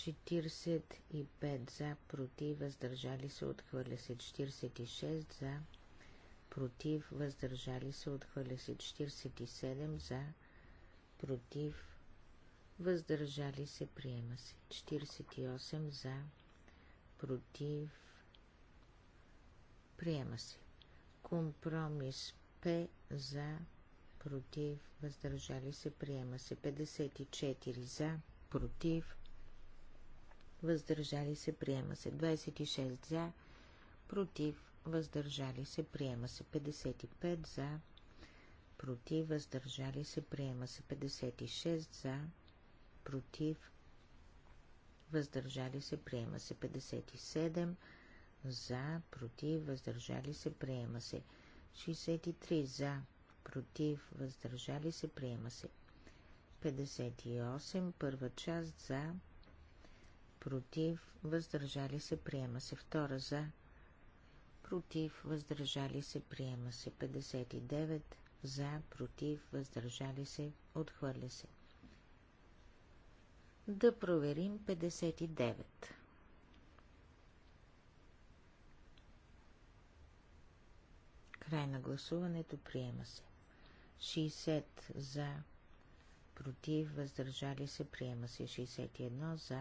45 за, против, въздържали се, отхвърля се 46 за, против, въздържали се, отхвърля се 47 за, против, въздържали се, приема се 48 за, против, приема се. Компромис П за, против, въздържали се, приема се 54 за, против, въздържали се, приема се. 26 за, против, въздържали се, приема се. 55 за, против, въздържали се, приема се. 56 за, против, въздържали се, приема се. 57 за, против, въздържали се, приема се. 63 за, против, въздържали се, приема се. 58 първа част за, против, въздържали се, приема се. Втора за, против, въздържали се, приема се. 59 за, против, въздържали се, отхвърля се. Да проверим 59. Край на гласуването приема се. 60 за, против, въздържали се, приема се. 61 за,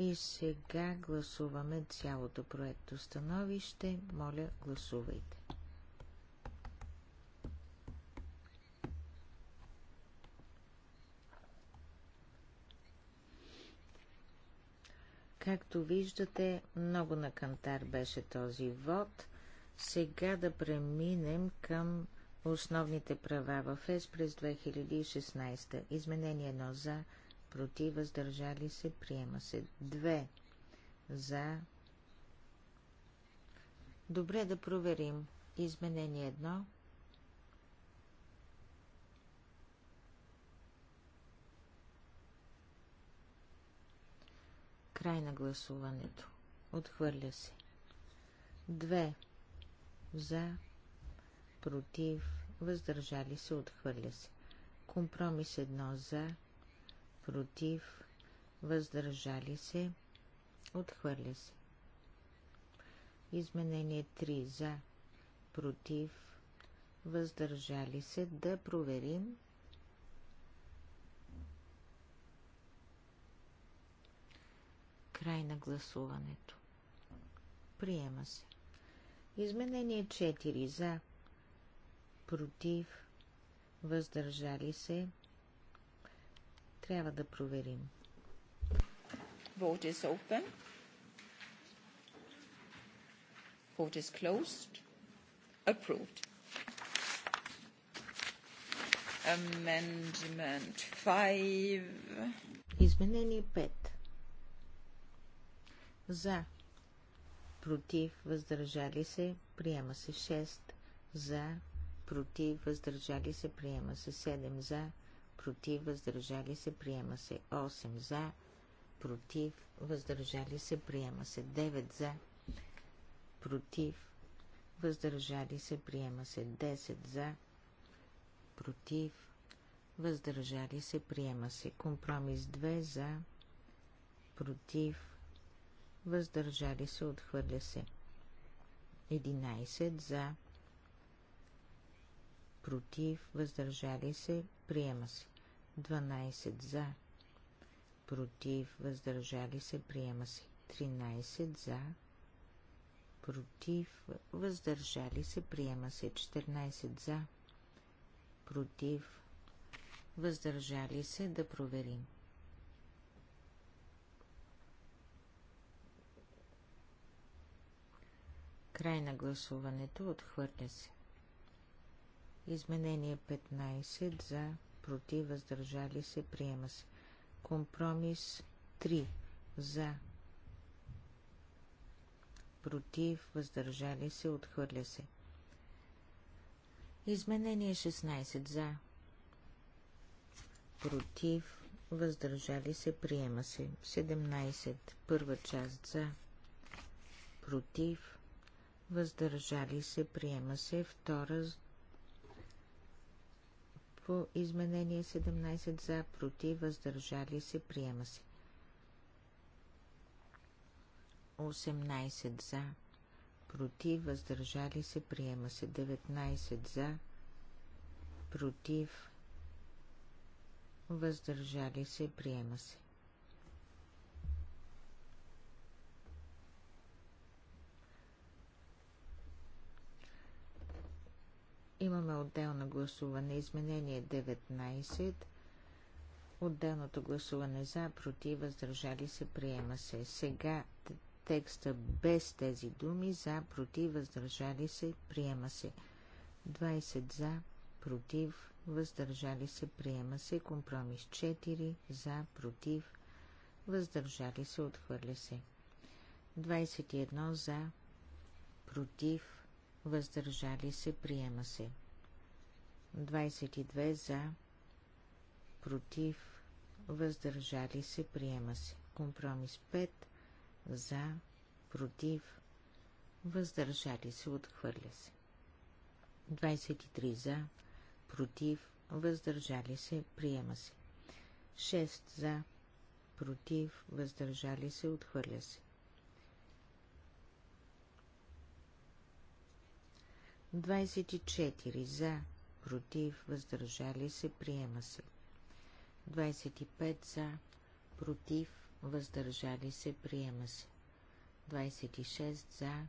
И сега гласуваме цялото проекто становище. Моля, гласувайте. Както виждате, много на кантар беше този вод. Сега да преминем към основните права в ЕС през 2016. Изменение 1 за, против, въздържали се, приема се. Две за. Добре да проверим. Изменение едно. Край на гласуването. Отхвърля се. Две за. Против, въздържали се, отхвърля се. Компромис едно за против, въздържали се, отхвърля се. Изменение 3 за, против, въздържали се, да проверим. Край на гласуването. Приема се. Изменение 4 за, против, въздържали се, трябва да проверим. Vote is open. Vote is closed. Approved. Amendment 5. Изменение 5. За. Против. Въздържали се. Приема се 6. За. Против. Въздържали се. Приема се 7. За против, въздържали се, приема се. 8 за, против, въздържали се, приема се. 9 за, против, въздържали се, приема се. 10 за, против, въздържали се, приема се. Компромис 2 за, против, въздържали се, отхвърля се. 11 за, против, против, въздържали се, приема се. 12 за, против, въздържали се, приема се. 13 за, против, въздържали се, приема се. 14 за, против, въздържали се, да проверим. Край на гласуването отхвърля се. Изменение 15 за, против, въздържали се, приема се. Компромис 3 за, против, въздържали се, отхвърля се. Изменение 16 за, против, въздържали се, приема се. 17. Първа част за, против, въздържали се, приема се. Втора по изменение 17 за, против, въздържали се, приема се. 18 за, против, въздържали се, приема се. 19 за, против, въздържали се, приема се. Имаме отделно гласуване. Изменение 19. Отделното гласуване за, против, въздържали се, приема се. Сега текста без тези думи за, против, въздържали се, приема се. 20 за, против, въздържали се, приема се. Компромис 4 за, против, въздържали се, отхвърля се. 21 за, против, въздържали се, приема се. 22 за, против, въздържали се, приема се. Компромис 5 за, против, въздържали се, отхвърля се. 23 за, против, въздържали се, приема се. 6 за, против, въздържали се, отхвърля се. 24 за, против, въздържали се, приема се. 25 за, против, въздържали се, приема се. 26 за,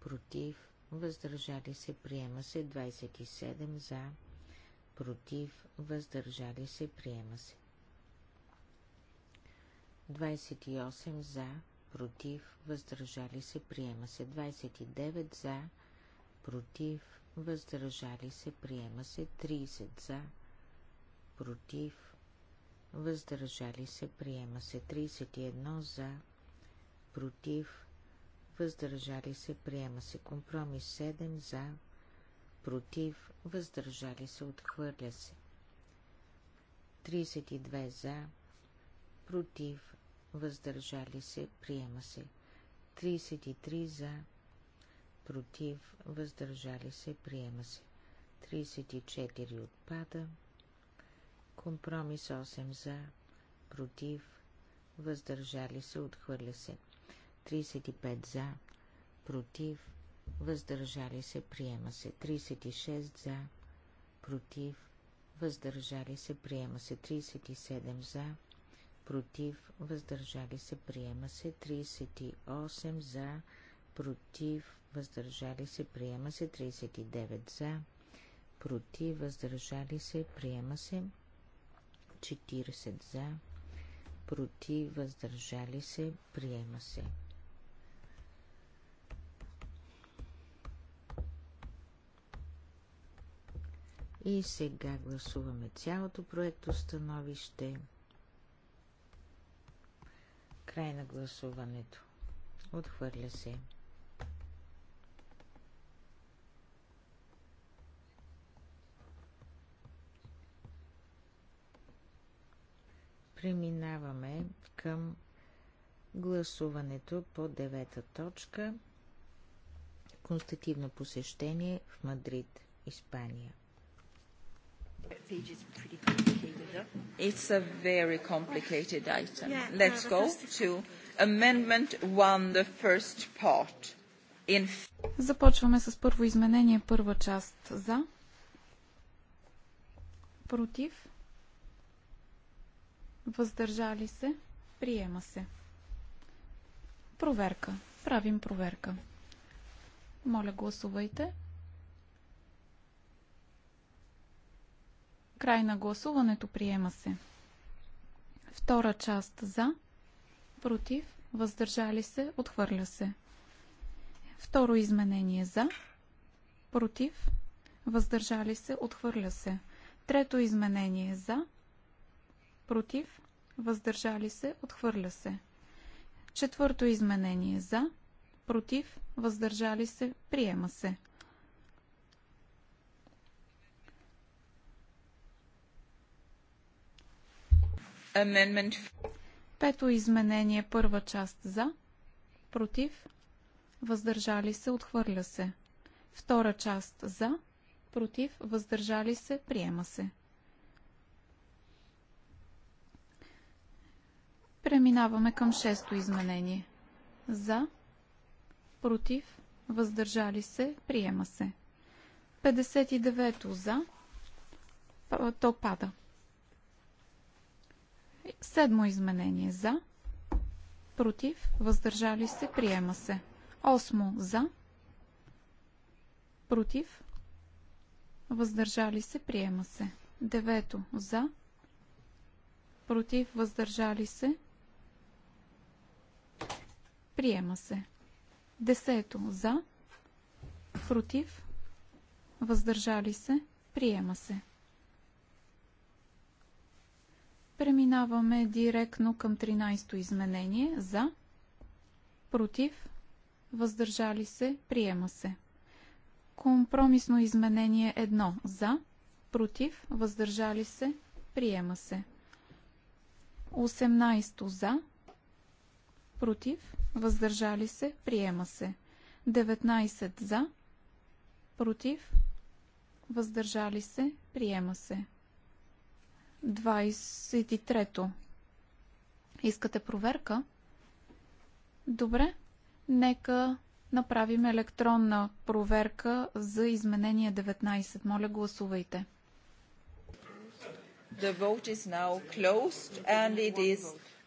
против, въздържали се, приема се. 27 за, против, въздържали се, приема се. 28 за, против, въздържали се, приема се. 29 за, против, против, въздържали се, приема се 30 за, против, въздържали се, приема се 31 за, против, въздържали се, приема се компромис 7 за, против, въздържали се, отхвърля се. 32 за, против, въздържали се, приема се. 33 за, против, въздържали се, приема се. 34 отпада. Компромис 8 за, против, въздържали се, отхвърля се. 35 за, против, въздържали се, приема се. 36 за, против, въздържали се, приема се. 37 за, против, въздържали се, приема се. 38 за, против, въздържали се, приема се. 39 за, против, въздържали се, приема се. 40 за, против, въздържали се, приема се. И сега гласуваме цялото проекто становище. Край на гласуването. Отхвърля се. Преминаваме към гласуването по девета точка констативно посещение в Мадрид, Испания. It's a very complicated item. Let's go to amendment one, the first part. In... Започваме с първо изменение, първа част за, против, въздържали се, приема се. Проверка. Правим проверка. Моля, гласувайте. Край на гласуването приема се. Втора част за, против, въздържали се, отхвърля се. Второ изменение за, против, въздържали се, отхвърля се. Трето изменение за, против, въздържали се, отхвърля се. Четвърто изменение за, против, въздържали се, приема се. Amendment. Пето изменение, първа част за, против, въздържали се, отхвърля се. Втора част за, против, въздържали се, приема се. Преминаваме към шесто изменение. За, против, въздържали се, приема се. 59 за, то пада. Седмо изменение за, против, въздържали се, приема се. Осмо за, против, въздържали се, приема се. Девето за, против, въздържали се, Приема се. Десето за. Против. Въздържали се. Приема се. Преминаваме директно към 13-то изменение. За. Против. Въздържали се. Приема се. Компромисно изменение 1. За. Против. Въздържали се. Приема се. 18 за. Против въздържали се, приема се. 19 за, против, въздържали се, приема се. 23. Искате проверка? Добре, нека направим електронна проверка за изменение 19. Моля, гласувайте. The vote is now closed and it is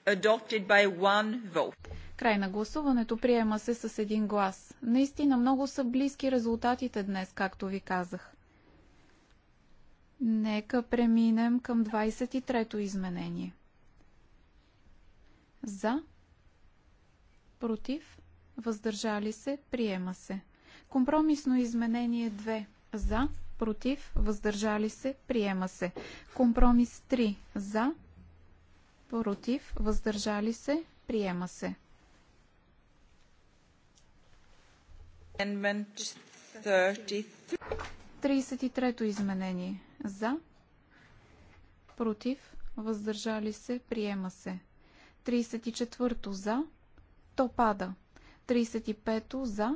adopted by one vote. Край на гласуването приема се с един глас. Наистина много са близки резултатите днес, както ви казах. Нека преминем към 23-то изменение. За, против, въздържали се, приема се. Компромисно изменение 2. За, против, въздържали се, приема се. Компромис 3. За, против, въздържали се, приема се. 33-то изменение. За. Против. Въздържали се. Приема се. 34-то за. То пада. 35-то за.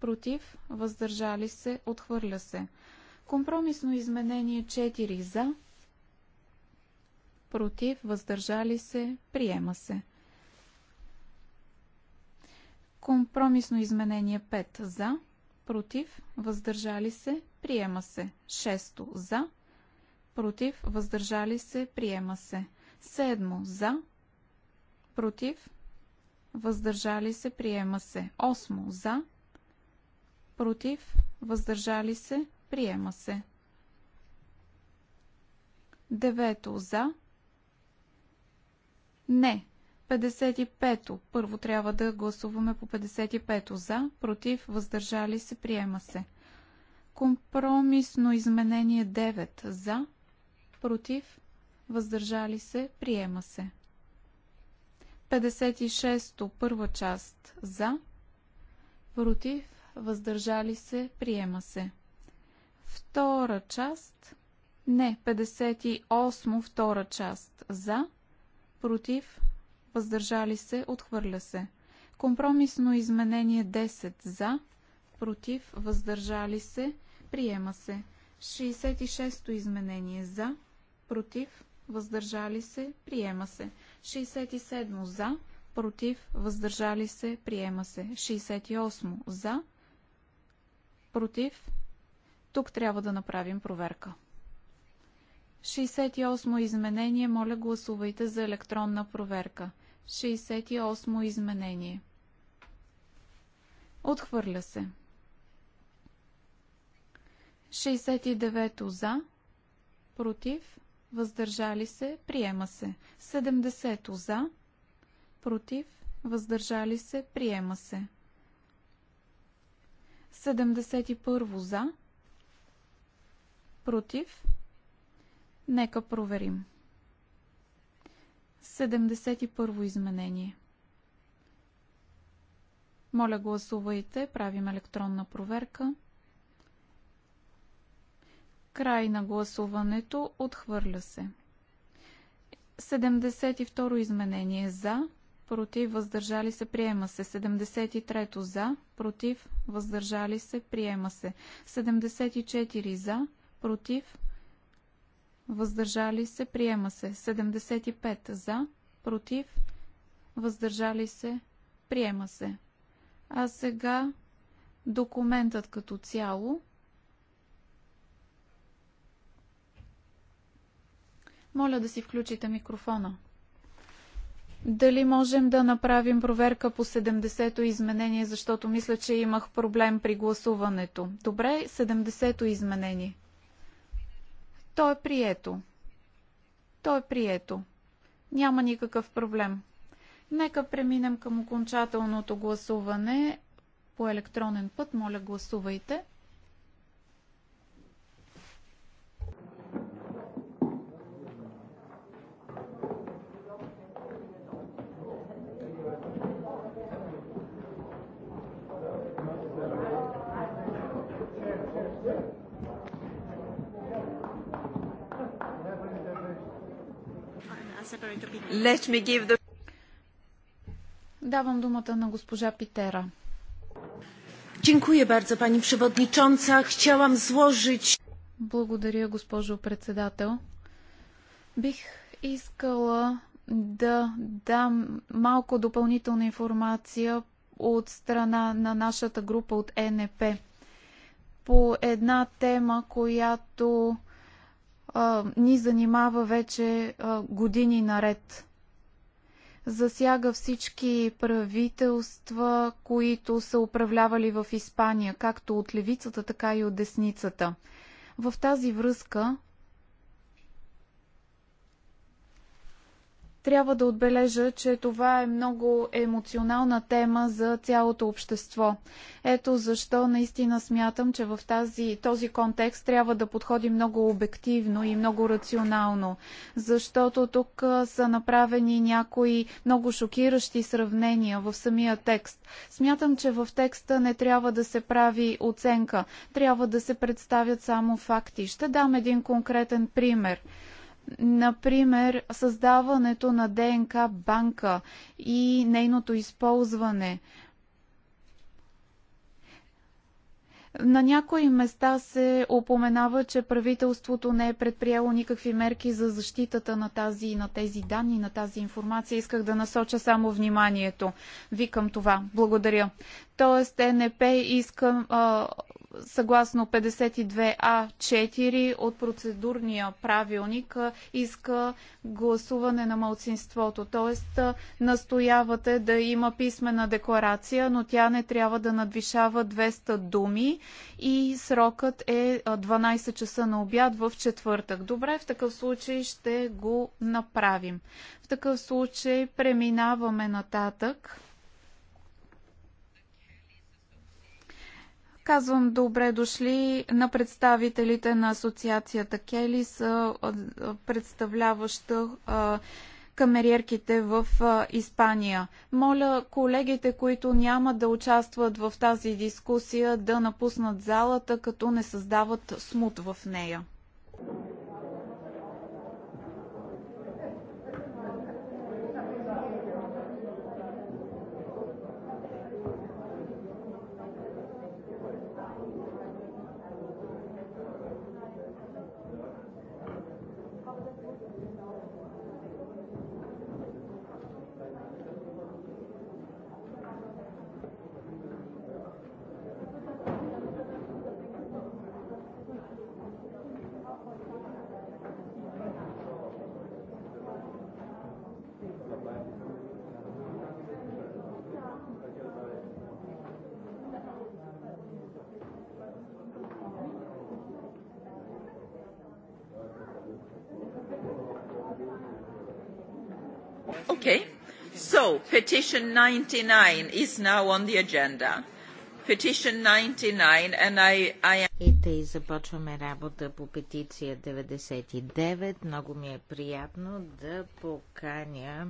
Против. Въздържали се. Отхвърля се. Компромисно изменение 4 за. Против. Въздържали се. Приема се. Компромисно изменение 5 за, против, въздържали се, приема се. 6 за, против, въздържали се, приема се. 7 за, против, въздържали се, приема се. 8 за, против, въздържали се, приема се. 9 за, не, 55-то. Първо трябва да гласуваме по 55-то. За, против, въздържали се, приема се. Компромисно изменение 9. За, против, въздържали се, приема се. 56-то. Първа част. За, против, въздържали се, приема се. Втора част. Не, 58 втора част. За, против, въздържали се, отхвърля се. Компромисно изменение 10 за, против, въздържали се, приема се. 66-то изменение за, против, въздържали се, приема се. 67 за, против, въздържали се, приема се. 68 за, против. Тук трябва да направим проверка. 68 изменение, моля гласувайте за електронна проверка. 68 изменение. Отхвърля се. 69 за, против, въздържали се, приема се. 70 за, против, въздържали се, приема се. 71 за, против, нека проверим. 71 изменение. Моля гласувайте, правим електронна проверка. Край на гласуването отхвърля се. 72 изменение за, против, въздържали се, приема се. 73 за, против, въздържали се, приема се. 74 за, против, въздържали се, приема се. 75 за, против, въздържали се, приема се. А сега документът като цяло. Моля да си включите микрофона. Дали можем да направим проверка по 70-то изменение, защото мисля, че имах проблем при гласуването. Добре, 70-то изменение. То е прието. То е прието. Няма никакъв проблем. Нека преминем към окончателното гласуване по електронен път. Моля, гласувайте. Давам думата на госпожа Питера. Dziękuję bardzo, pani przewodnicząca. Chciałam złożyć... Благодаря, госпожо председател. Бих искала да дам малко допълнителна информация от страна на нашата група от НП по една тема, която а, ни занимава вече а, години наред. Засяга всички правителства, които са управлявали в Испания, както от левицата, така и от десницата. В тази връзка Трябва да отбележа, че това е много емоционална тема за цялото общество. Ето защо наистина смятам, че в тази, този контекст трябва да подходи много обективно и много рационално, защото тук са направени някои много шокиращи сравнения в самия текст. Смятам, че в текста не трябва да се прави оценка, трябва да се представят само факти. Ще дам един конкретен пример. Например, създаването на ДНК банка и нейното използване. На някои места се упоменава, че правителството не е предприело никакви мерки за защитата на, тази, на тези данни, на тази информация. Исках да насоча само вниманието Викам това. Благодаря. Тоест, ЕНП иска а, съгласно 52А4 от процедурния правилник иска гласуване на мълцинството, Тоест настоявате да има писмена декларация, но тя не трябва да надвишава 200 думи и срокът е 12 часа на обяд в четвъртък. Добре, в такъв случай ще го направим. В такъв случай преминаваме нататък Казвам добре дошли на представителите на асоциацията Келис, представляваща камериерките в Испания. Моля колегите, които няма да участват в тази дискусия, да напуснат залата, като не създават смут в нея. petition ninety nine is now on the agenda. Petition nine and I, I am... И тъй започваме работа по петиция 99. Много ми е приятно да поканя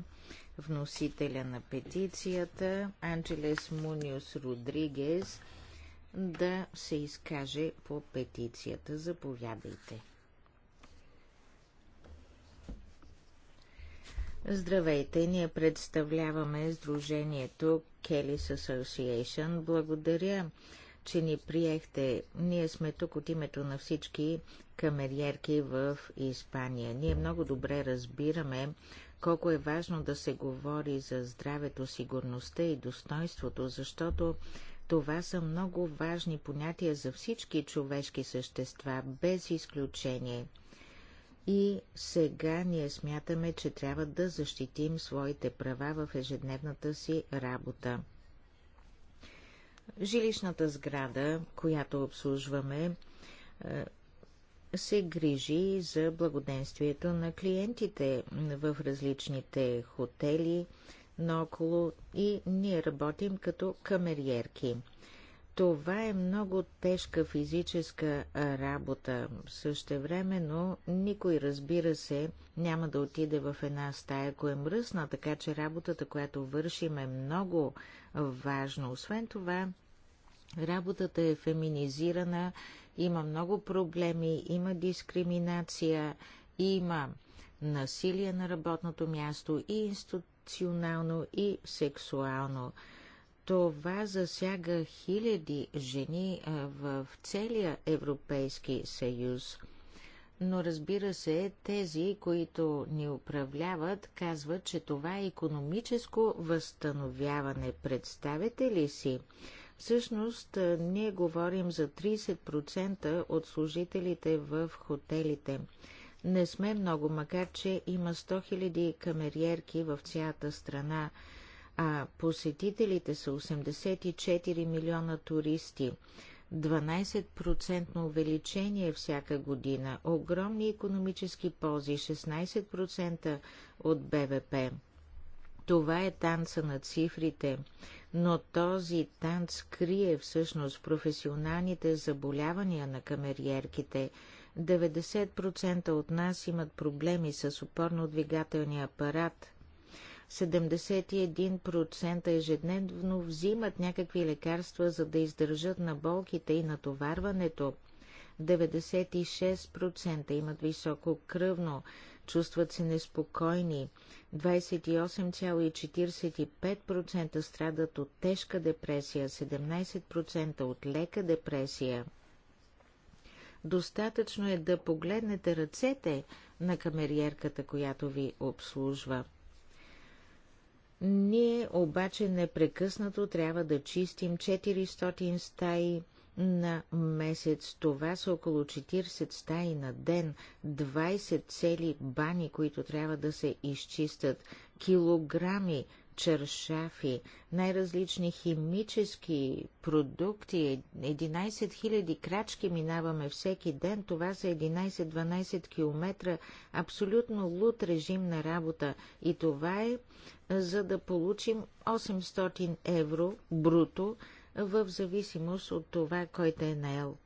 вносителя на петицията Анджелес Муниус Родригес да се изкаже по петицията. Заповядайте. Здравейте, ние представляваме Сдружението Келис Association. Благодаря, че ни приехте. Ние сме тук от името на всички камериерки в Испания. Ние много добре разбираме колко е важно да се говори за здравето, сигурността и достоинството, защото това са много важни понятия за всички човешки същества, без изключение – и сега ние смятаме, че трябва да защитим своите права в ежедневната си работа. Жилищната сграда, която обслужваме, е, се грижи за благоденствието на клиентите в различните хотели наоколо и ние работим като камериерки. Това е много тежка физическа работа. Същевременно никой, разбира се, няма да отиде в една стая, ако е мръсна, така че работата, която вършим е много важна. Освен това, работата е феминизирана, има много проблеми, има дискриминация, има насилие на работното място и институционално, и сексуално. Това засяга хиляди жени в целия Европейски съюз. Но разбира се, тези, които ни управляват, казват, че това е економическо възстановяване. Представете ли си? Всъщност, ние говорим за 30% от служителите в хотелите. Не сме много, макар че има 100 000 камериерки в цялата страна а посетителите са 84 милиона туристи. 12% увеличение всяка година, огромни економически ползи, 16% от БВП. Това е танца на цифрите, но този танц крие всъщност професионалните заболявания на камериерките. 90% от нас имат проблеми с опорно-двигателния апарат – 71% ежедневно взимат някакви лекарства, за да издържат на болките и натоварването. 96% имат високо кръвно, чувстват се неспокойни, 28,45% страдат от тежка депресия, 17% от лека депресия. Достатъчно е да погледнете ръцете на камериерката, която ви обслужва – ние обаче непрекъснато трябва да чистим 400 стаи на месец. Това са около 40 стаи на ден, 20 цели бани, които трябва да се изчистят, килограми чершафи, най-различни химически продукти, 11 е- 000 крачки минаваме всеки ден, това са 11-12 км, абсолютно луд режим на работа и това е за да получим 800 евро бруто в зависимост от това, кой те е наел.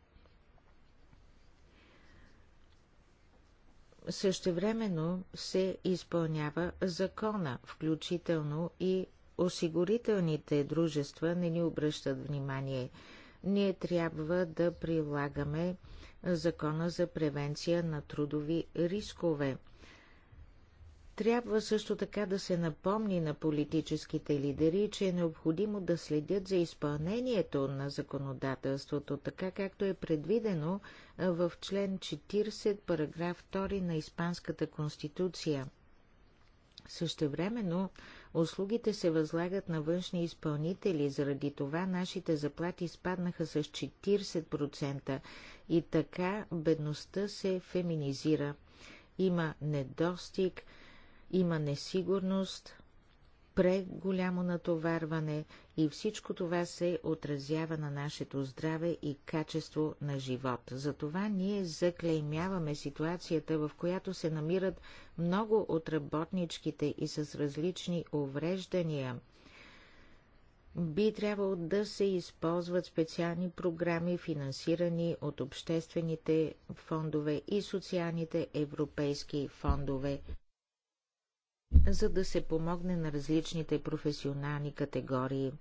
Същевременно се изпълнява закона, включително и осигурителните дружества не ни обръщат внимание. Ние трябва да прилагаме закона за превенция на трудови рискове. Трябва също така да се напомни на политическите лидери, че е необходимо да следят за изпълнението на законодателството, така както е предвидено в член 40, параграф 2 на Испанската конституция. Същевременно, услугите се възлагат на външни изпълнители, заради това нашите заплати спаднаха с 40% и така бедността се феминизира. Има недостиг има несигурност, преголямо натоварване и всичко това се отразява на нашето здраве и качество на живот. Затова ние заклеймяваме ситуацията, в която се намират много от работничките и с различни увреждания. Би трябвало да се използват специални програми, финансирани от обществените фондове и социалните европейски фондове за да се помогне на различните професионални категории.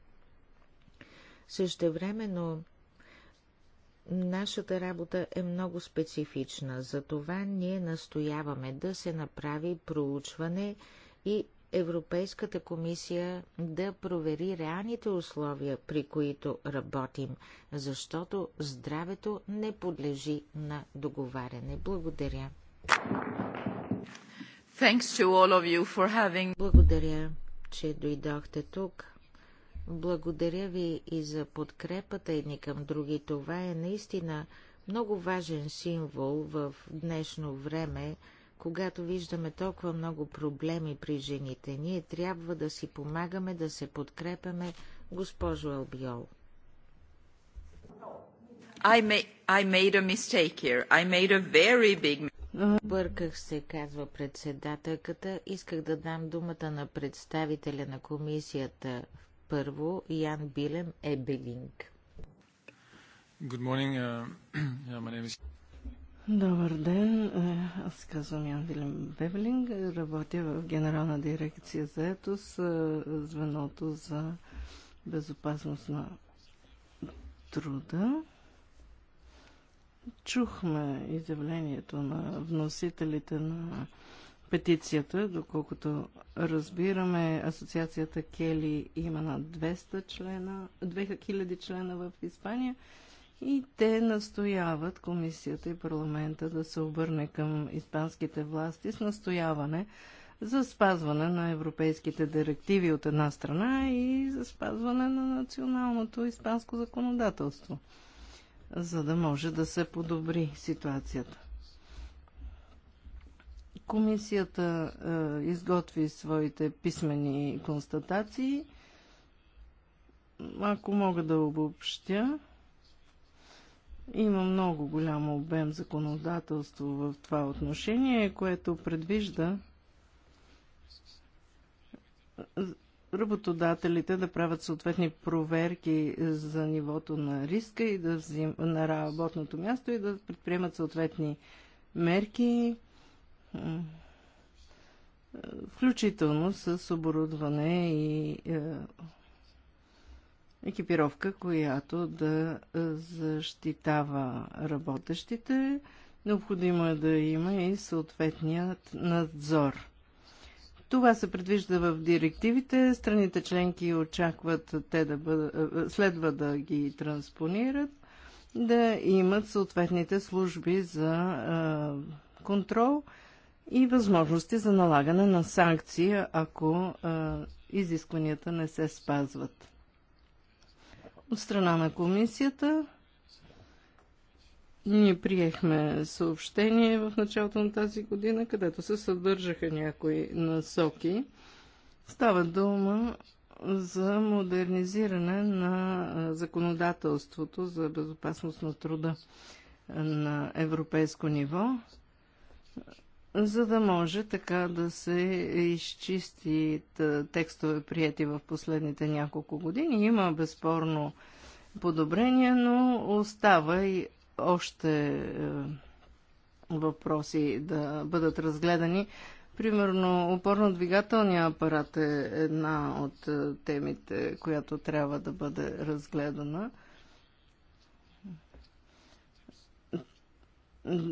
Същевременно нашата работа е много специфична, затова ние настояваме да се направи проучване и Европейската комисия да провери реалните условия, при които работим, защото здравето не подлежи на договаряне. Благодаря. Having... Благодаря, че дойдохте тук. Благодаря ви и за подкрепата едни към други. Това е наистина много важен символ в днешно време, когато виждаме толкова много проблеми при жените. Ние трябва да си помагаме, да се подкрепяме, госпожо Албиол. I, may, I made a mistake here. I made a very big mistake. Бърках се, казва председателката. Исках да дам думата на представителя на комисията първо, Ян Билем Ебелинг. Good morning. Uh, <clears throat> yeah, my name is... Добър ден, е, аз казвам Ян Билем Бевлинг, работя в Генерална дирекция за етос, е, звеното за безопасност на труда. Чухме изявлението на вносителите на петицията, доколкото разбираме, асоциацията Кели има на 200 члена, 2000 члена в Испания и те настояват комисията и парламента да се обърне към испанските власти с настояване за спазване на европейските директиви от една страна и за спазване на националното испанско законодателство за да може да се подобри ситуацията. Комисията е, изготви своите писмени констатации. Ако мога да обобщя, има много голям обем законодателство в това отношение, което предвижда работодателите да правят съответни проверки е, за нивото на риска и да взим, на работното място и да предприемат съответни мерки, включително с оборудване и е, екипировка, която да е, защитава работещите. Необходимо е да има и съответният надзор. Това се предвижда в директивите. Страните членки очакват те да бъдат, е, е, следва да ги транспонират, да имат съответните служби за е, контрол и възможности за налагане на санкции, ако изискванията не се спазват. От страна на комисията ние приехме съобщение в началото на тази година, където се съдържаха някои насоки. Става дума за модернизиране на законодателството за безопасност на труда на европейско ниво, за да може така да се изчисти текстове, прияти в последните няколко години. Има безспорно подобрение, но остава и още е, въпроси да бъдат разгледани. Примерно, опорно-двигателния апарат е една от е, темите, която трябва да бъде разгледана.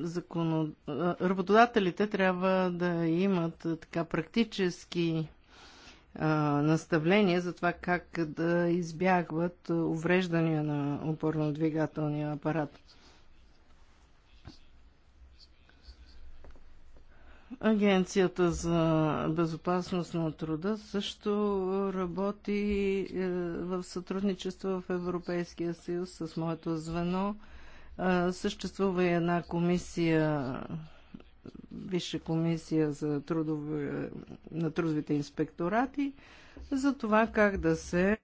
Законо... Е, работодателите трябва да имат така практически наставление наставления за това как да избягват увреждания на опорно-двигателния апарат. Агенцията за безопасност на труда също работи е, в сътрудничество в Европейския съюз с моето звено. Е, съществува и една комисия, Висша комисия за трудове, на трудовите инспекторати, за това как да се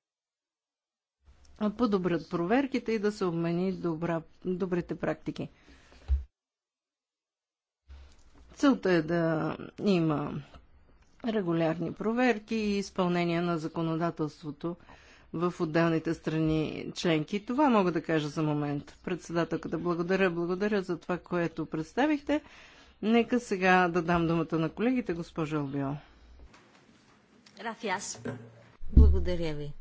подобрят проверките и да се обмени добра, добрите практики. Целта е да има регулярни проверки и изпълнение на законодателството в отделните страни членки. Това мога да кажа за момент. Председателката, да благодаря, благодаря за това, което представихте. Нека сега да дам думата на колегите, госпожа Албио. Благодаря ви.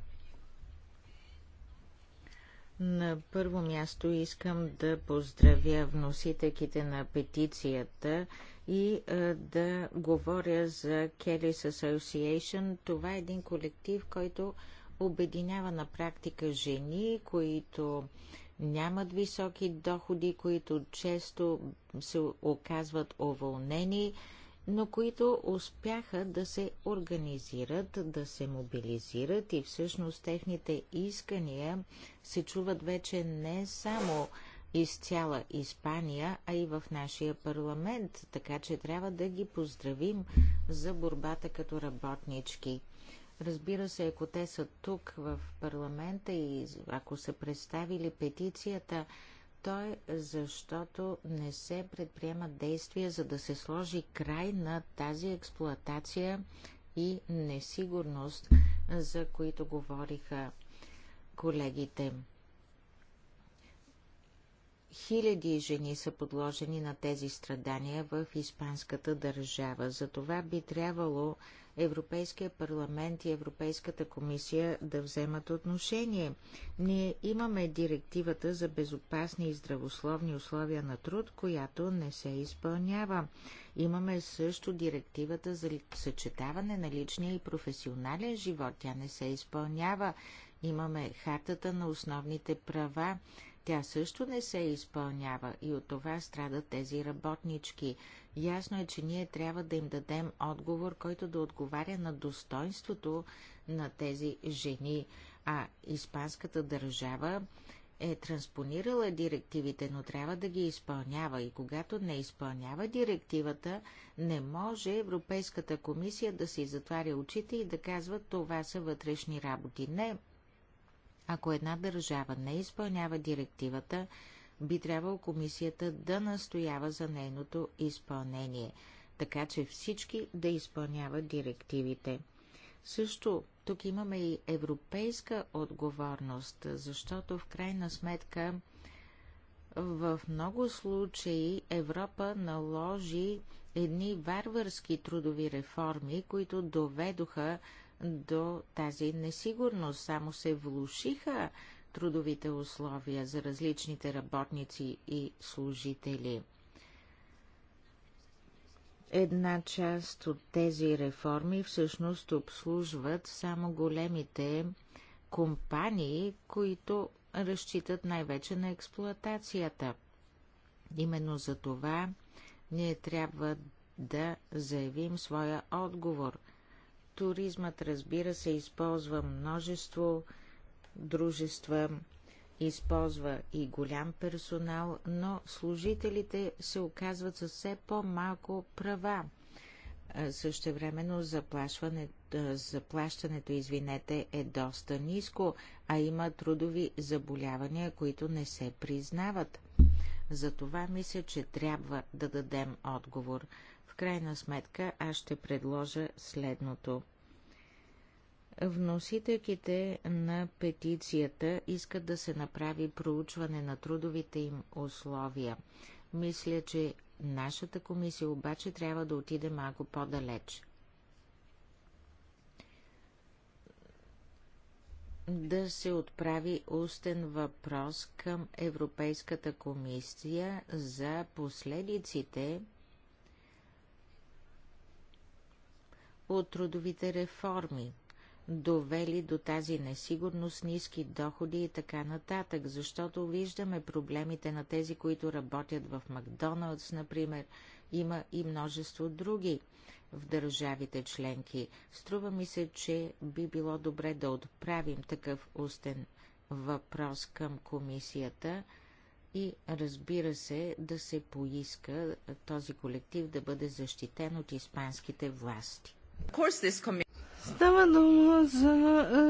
На първо място искам да поздравя вносителките на петицията и е, да говоря за Kelly's Association. Това е един колектив, който обединява на практика жени, които нямат високи доходи, които често се оказват уволнени, но които успяха да се организират, да се мобилизират и всъщност техните искания се чуват вече не само из цяла Испания, а и в нашия парламент, така че трябва да ги поздравим за борбата като работнички. Разбира се, ако те са тук в парламента и ако са представили петицията, то е защото не се предприемат действия за да се сложи край на тази експлоатация и несигурност, за които говориха колегите. Хиляди жени са подложени на тези страдания в испанската държава. Затова би трябвало Европейския парламент и Европейската комисия да вземат отношение. Ние имаме директивата за безопасни и здравословни условия на труд, която не се изпълнява. Имаме също директивата за съчетаване на личния и професионален живот. Тя не се изпълнява. Имаме хартата на основните права тя също не се изпълнява и от това страдат тези работнички. Ясно е, че ние трябва да им дадем отговор, който да отговаря на достоинството на тези жени. А испанската държава е транспонирала директивите, но трябва да ги изпълнява и когато не изпълнява директивата, не може Европейската комисия да си затваря очите и да казва това са вътрешни работи. Не, ако една държава не изпълнява директивата, би трябвало комисията да настоява за нейното изпълнение, така че всички да изпълняват директивите. Също тук имаме и европейска отговорност, защото в крайна сметка в много случаи Европа наложи едни варварски трудови реформи, които доведоха до тази несигурност. Само се влушиха трудовите условия за различните работници и служители. Една част от тези реформи всъщност обслужват само големите компании, които разчитат най-вече на експлоатацията. Именно за това ние трябва да заявим своя отговор – Туризмът, разбира се, използва множество дружества, използва и голям персонал, но служителите се оказват със все по-малко права. Същевременно заплащането извинете, е доста ниско, а има трудови заболявания, които не се признават. Затова мисля, че трябва да дадем отговор. В крайна сметка аз ще предложа следното. Вносителките на петицията искат да се направи проучване на трудовите им условия. Мисля, че нашата комисия обаче трябва да отиде малко по-далеч. да се отправи устен въпрос към Европейската комисия за последиците от трудовите реформи, довели до тази несигурност, ниски доходи и така нататък, защото виждаме проблемите на тези, които работят в Макдоналдс, например, има и множество други в държавите членки. Струва ми се, че би било добре да отправим такъв устен въпрос към комисията и разбира се да се поиска този колектив да бъде защитен от испанските власти. Става дума за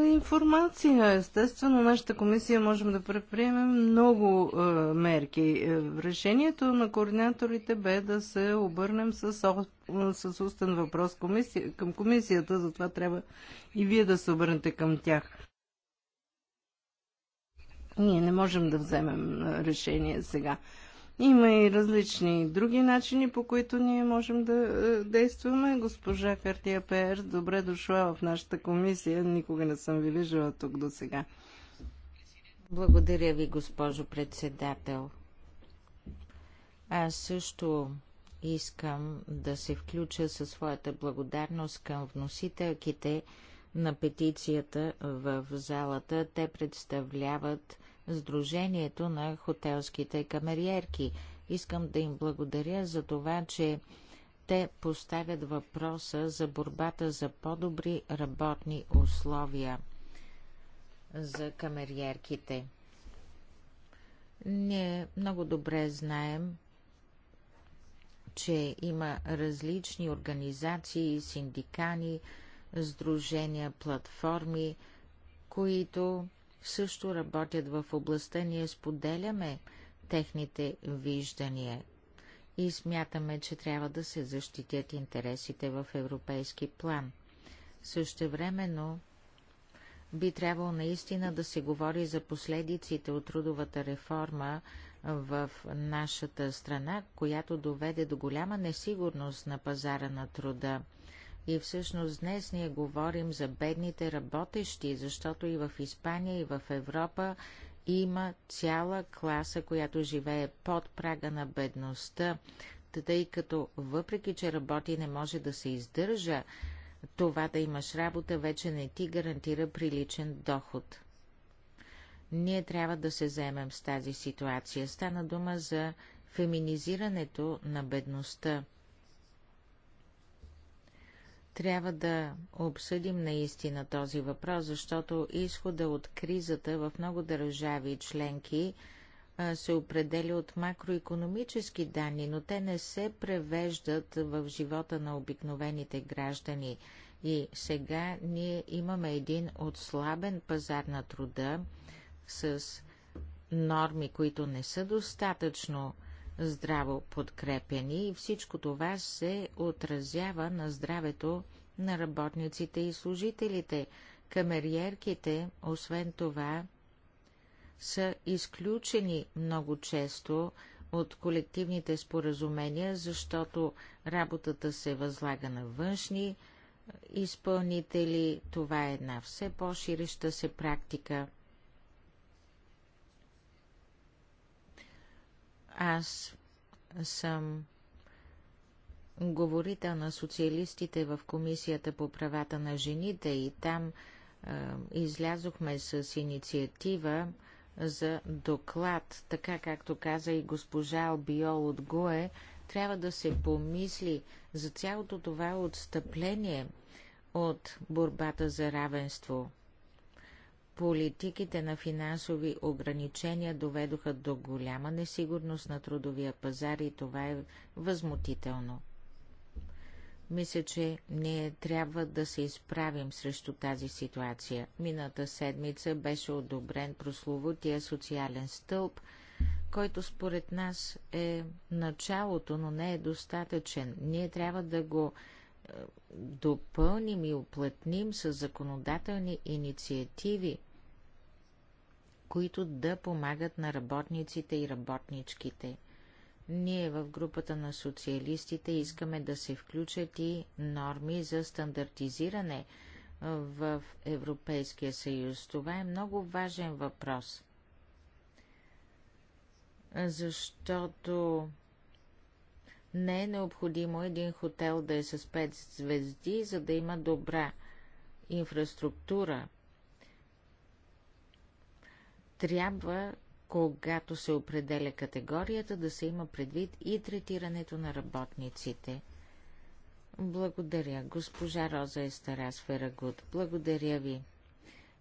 е, информация. Естествено, нашата комисия можем да предприемем много е, мерки. Е, решението на координаторите бе да се обърнем с, с устен въпрос комисия, към комисията, затова трябва и вие да се обърнете към тях. Ние не можем да вземем решение сега. Има и различни други начини, по които ние можем да е, действаме. Госпожа Картия Пер, добре дошла в нашата комисия. Никога не съм ви виждала тук до сега. Благодаря ви, госпожо председател. Аз също искам да се включа със своята благодарност към вносителките на петицията в залата. Те представляват Сдружението на хотелските камериерки. Искам да им благодаря за това, че те поставят въпроса за борбата за по-добри работни условия за камериерките. Ние много добре знаем, че има различни организации, синдикани, сдружения, платформи, които също работят в областта, ние споделяме техните виждания и смятаме, че трябва да се защитят интересите в европейски план. времено би трябвало наистина да се говори за последиците от трудовата реформа в нашата страна, която доведе до голяма несигурност на пазара на труда – и всъщност днес ние говорим за бедните работещи, защото и в Испания, и в Европа има цяла класа, която живее под прага на бедността, тъй като въпреки, че работи, не може да се издържа, това да имаш работа вече не ти гарантира приличен доход. Ние трябва да се заемем с тази ситуация. Стана дума за феминизирането на бедността – трябва да обсъдим наистина този въпрос, защото изхода от кризата в много държави и членки се определя от макроекономически данни, но те не се превеждат в живота на обикновените граждани. И сега ние имаме един отслабен пазар на труда с норми, които не са достатъчно здраво подкрепени и всичко това се отразява на здравето на работниците и служителите. Камериерките, освен това, са изключени много често от колективните споразумения, защото работата се възлага на външни изпълнители. Това е една все по-ширеща се практика – Аз съм говорител на социалистите в Комисията по правата на жените и там е, излязохме с инициатива за доклад, така както каза и госпожа Албиол от ГУЕ, трябва да се помисли за цялото това отстъпление от борбата за равенство – Политиките на финансови ограничения доведоха до голяма несигурност на трудовия пазар и това е възмутително. Мисля, че ние трябва да се изправим срещу тази ситуация. Мината седмица беше одобрен прословутия социален стълб, който според нас е началото, но не е достатъчен. Ние трябва да го допълним и уплътним с законодателни инициативи, които да помагат на работниците и работничките. Ние в групата на социалистите искаме да се включат и норми за стандартизиране в Европейския съюз. Това е много важен въпрос, защото не е необходимо един хотел да е с 5 звезди, за да има добра инфраструктура. Трябва, когато се определя категорията, да се има предвид и третирането на работниците. Благодаря, госпожа Роза Естарас Ферагут. Благодаря ви.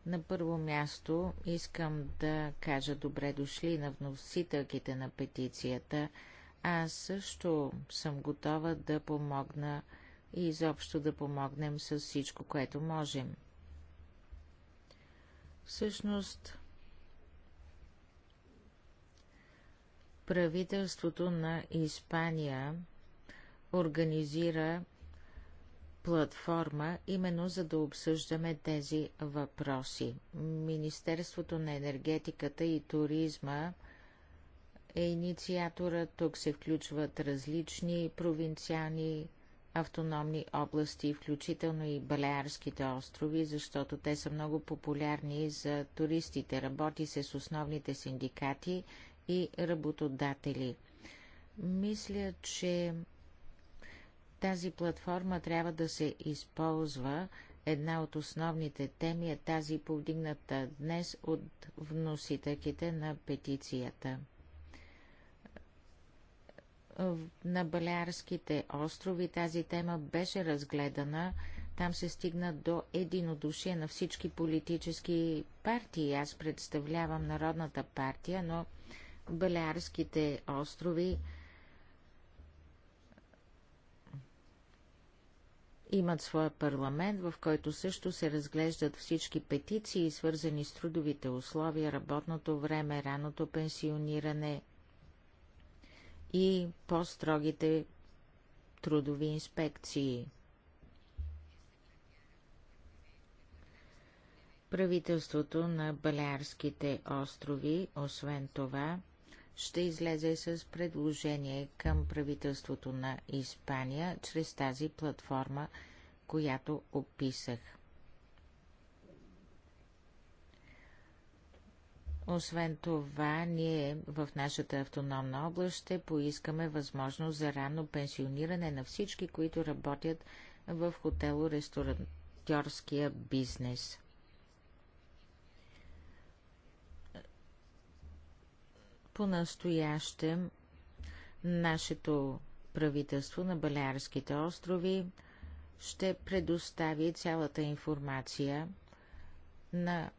На първо място искам да кажа добре дошли на вносителките на петицията – аз също съм готова да помогна и изобщо да помогнем с всичко, което можем. Всъщност, правителството на Испания организира платформа именно за да обсъждаме тези въпроси. Министерството на енергетиката и туризма – е инициатора. Тук се включват различни провинциални автономни области, включително и Балеарските острови, защото те са много популярни за туристите. Работи се с основните синдикати и работодатели. Мисля, че тази платформа трябва да се използва. Една от основните теми е тази повдигната днес от вносителките на петицията на Балеарските острови тази тема беше разгледана. Там се стигна до единодушие на всички политически партии. Аз представлявам Народната партия, но Балеарските острови имат своя парламент, в който също се разглеждат всички петиции, свързани с трудовите условия, работното време, раното пенсиониране, и по-строгите трудови инспекции. Правителството на Балярските острови, освен това, ще излезе с предложение към правителството на Испания чрез тази платформа, която описах. Освен това, ние в нашата автономна област ще поискаме възможност за ранно пенсиониране на всички, които работят в хотело-ресторантьорския бизнес. По-настоящем нашето правителство на Балярските острови ще предостави цялата информация на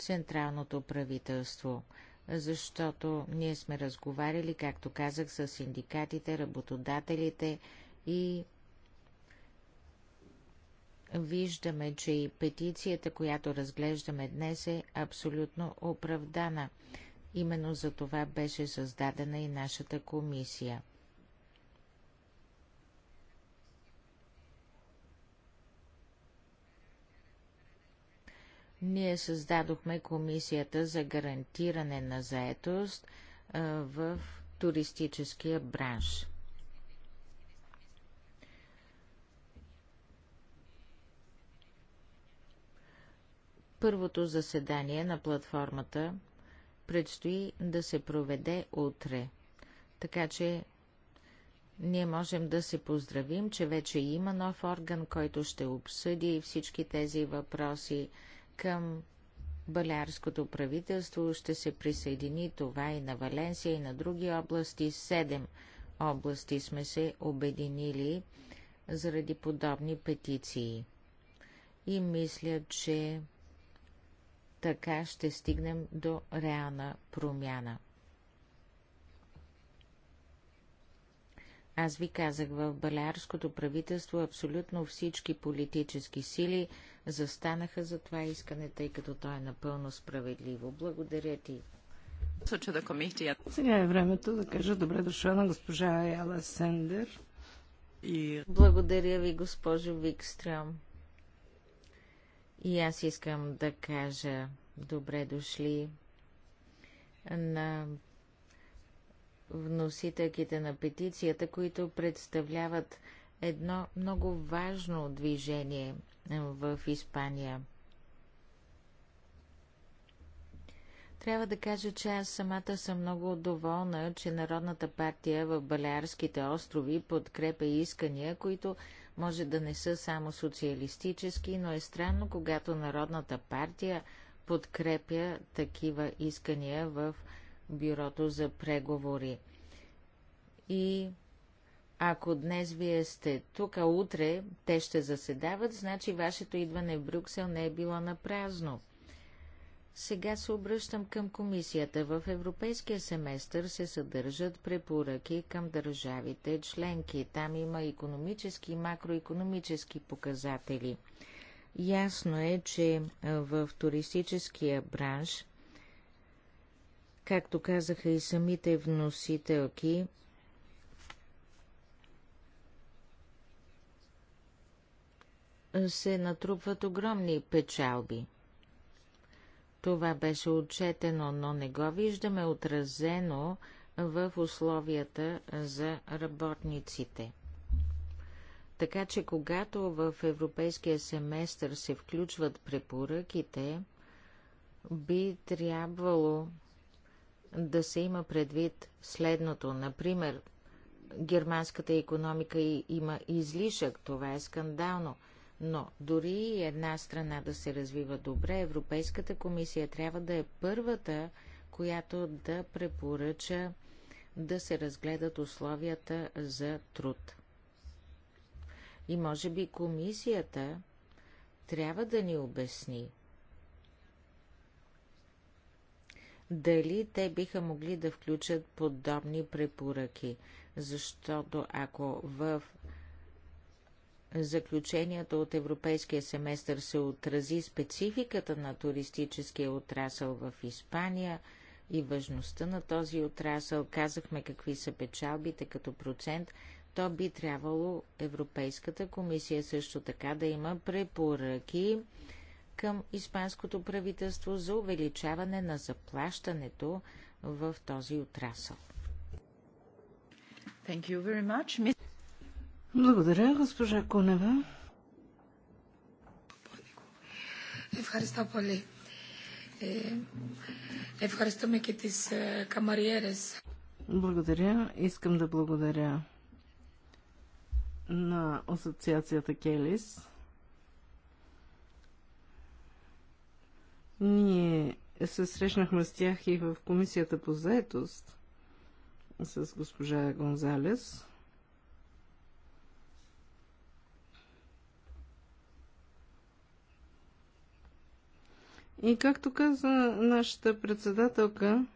централното правителство, защото ние сме разговаряли, както казах, с синдикатите, работодателите и виждаме, че и петицията, която разглеждаме днес е абсолютно оправдана. Именно за това беше създадена и нашата комисия. Ние създадохме комисията за гарантиране на заетост в туристическия бранш. Първото заседание на платформата предстои да се проведе утре. Така че ние можем да се поздравим, че вече има нов орган, който ще обсъди всички тези въпроси към Балярското правителство ще се присъедини това и на Валенсия и на други области. Седем области сме се обединили заради подобни петиции. И мисля, че така ще стигнем до реална промяна. Аз ви казах, в Балярското правителство абсолютно всички политически сили застанаха за това искане, тъй като то е напълно справедливо. Благодаря ти. Сега е времето да кажа добре дошла на госпожа Аяла Сендер. И... Благодаря ви, госпожо Викстрам. И аз искам да кажа добре дошли на вносителките на петицията, които представляват едно много важно движение в Испания. Трябва да кажа, че аз самата съм много доволна, че Народната партия в Балеарските острови подкрепя искания, които може да не са само социалистически, но е странно, когато Народната партия подкрепя такива искания в бюрото за преговори. И ако днес вие сте тук, а утре те ще заседават, значи вашето идване в Брюксел не е било на празно. Сега се обръщам към комисията. В европейския семестър се съдържат препоръки към държавите членки. Там има економически и макроекономически показатели. Ясно е, че в туристическия бранш Както казаха и самите вносителки, се натрупват огромни печалби. Това беше отчетено, но не го виждаме отразено в условията за работниците. Така че когато в европейския семестър се включват препоръките, би трябвало да се има предвид следното. Например, германската економика има излишък. Това е скандално. Но дори и една страна да се развива добре, Европейската комисия трябва да е първата, която да препоръча да се разгледат условията за труд. И може би комисията трябва да ни обясни дали те биха могли да включат подобни препоръки, защото ако в заключенията от европейския семестър се отрази спецификата на туристическия отрасъл в Испания и важността на този отрасъл, казахме какви са печалбите като процент, то би трябвало Европейската комисия също така да има препоръки към испанското правителство за увеличаване на заплащането в този отрасъл. Благодаря, госпожа Кунева. Ευχαριστώ πολύ. Благодаря. Искам да благодаря на Асоциацията Келис Ние се срещнахме с тях и в комисията по заетост с госпожа Гонзалес. И както каза нашата председателка,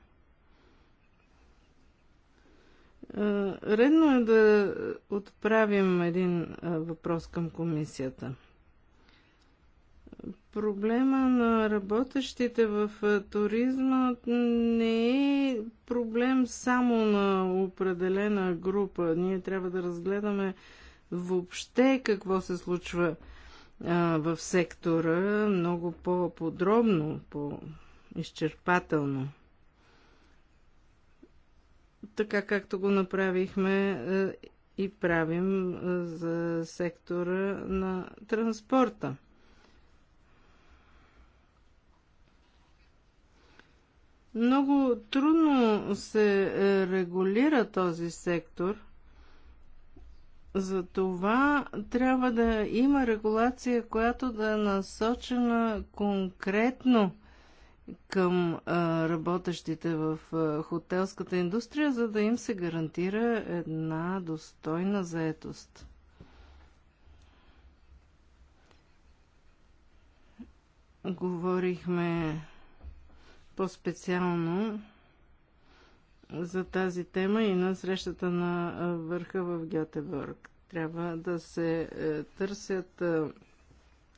редно е да отправим един въпрос към комисията – Проблема на работещите в туризма не е проблем само на определена група. Ние трябва да разгледаме въобще какво се случва а, в сектора много по-подробно, по-изчерпателно. Така както го направихме и правим за сектора на транспорта. Много трудно се е, регулира този сектор. Затова трябва да има регулация, която да е насочена конкретно към а, е, работещите в а, е, хотелската индустрия, за да им се гарантира една достойна заетост. Говорихме по-специално за тази тема и на срещата на върха в Гетеборг. Трябва да се е, търсят е,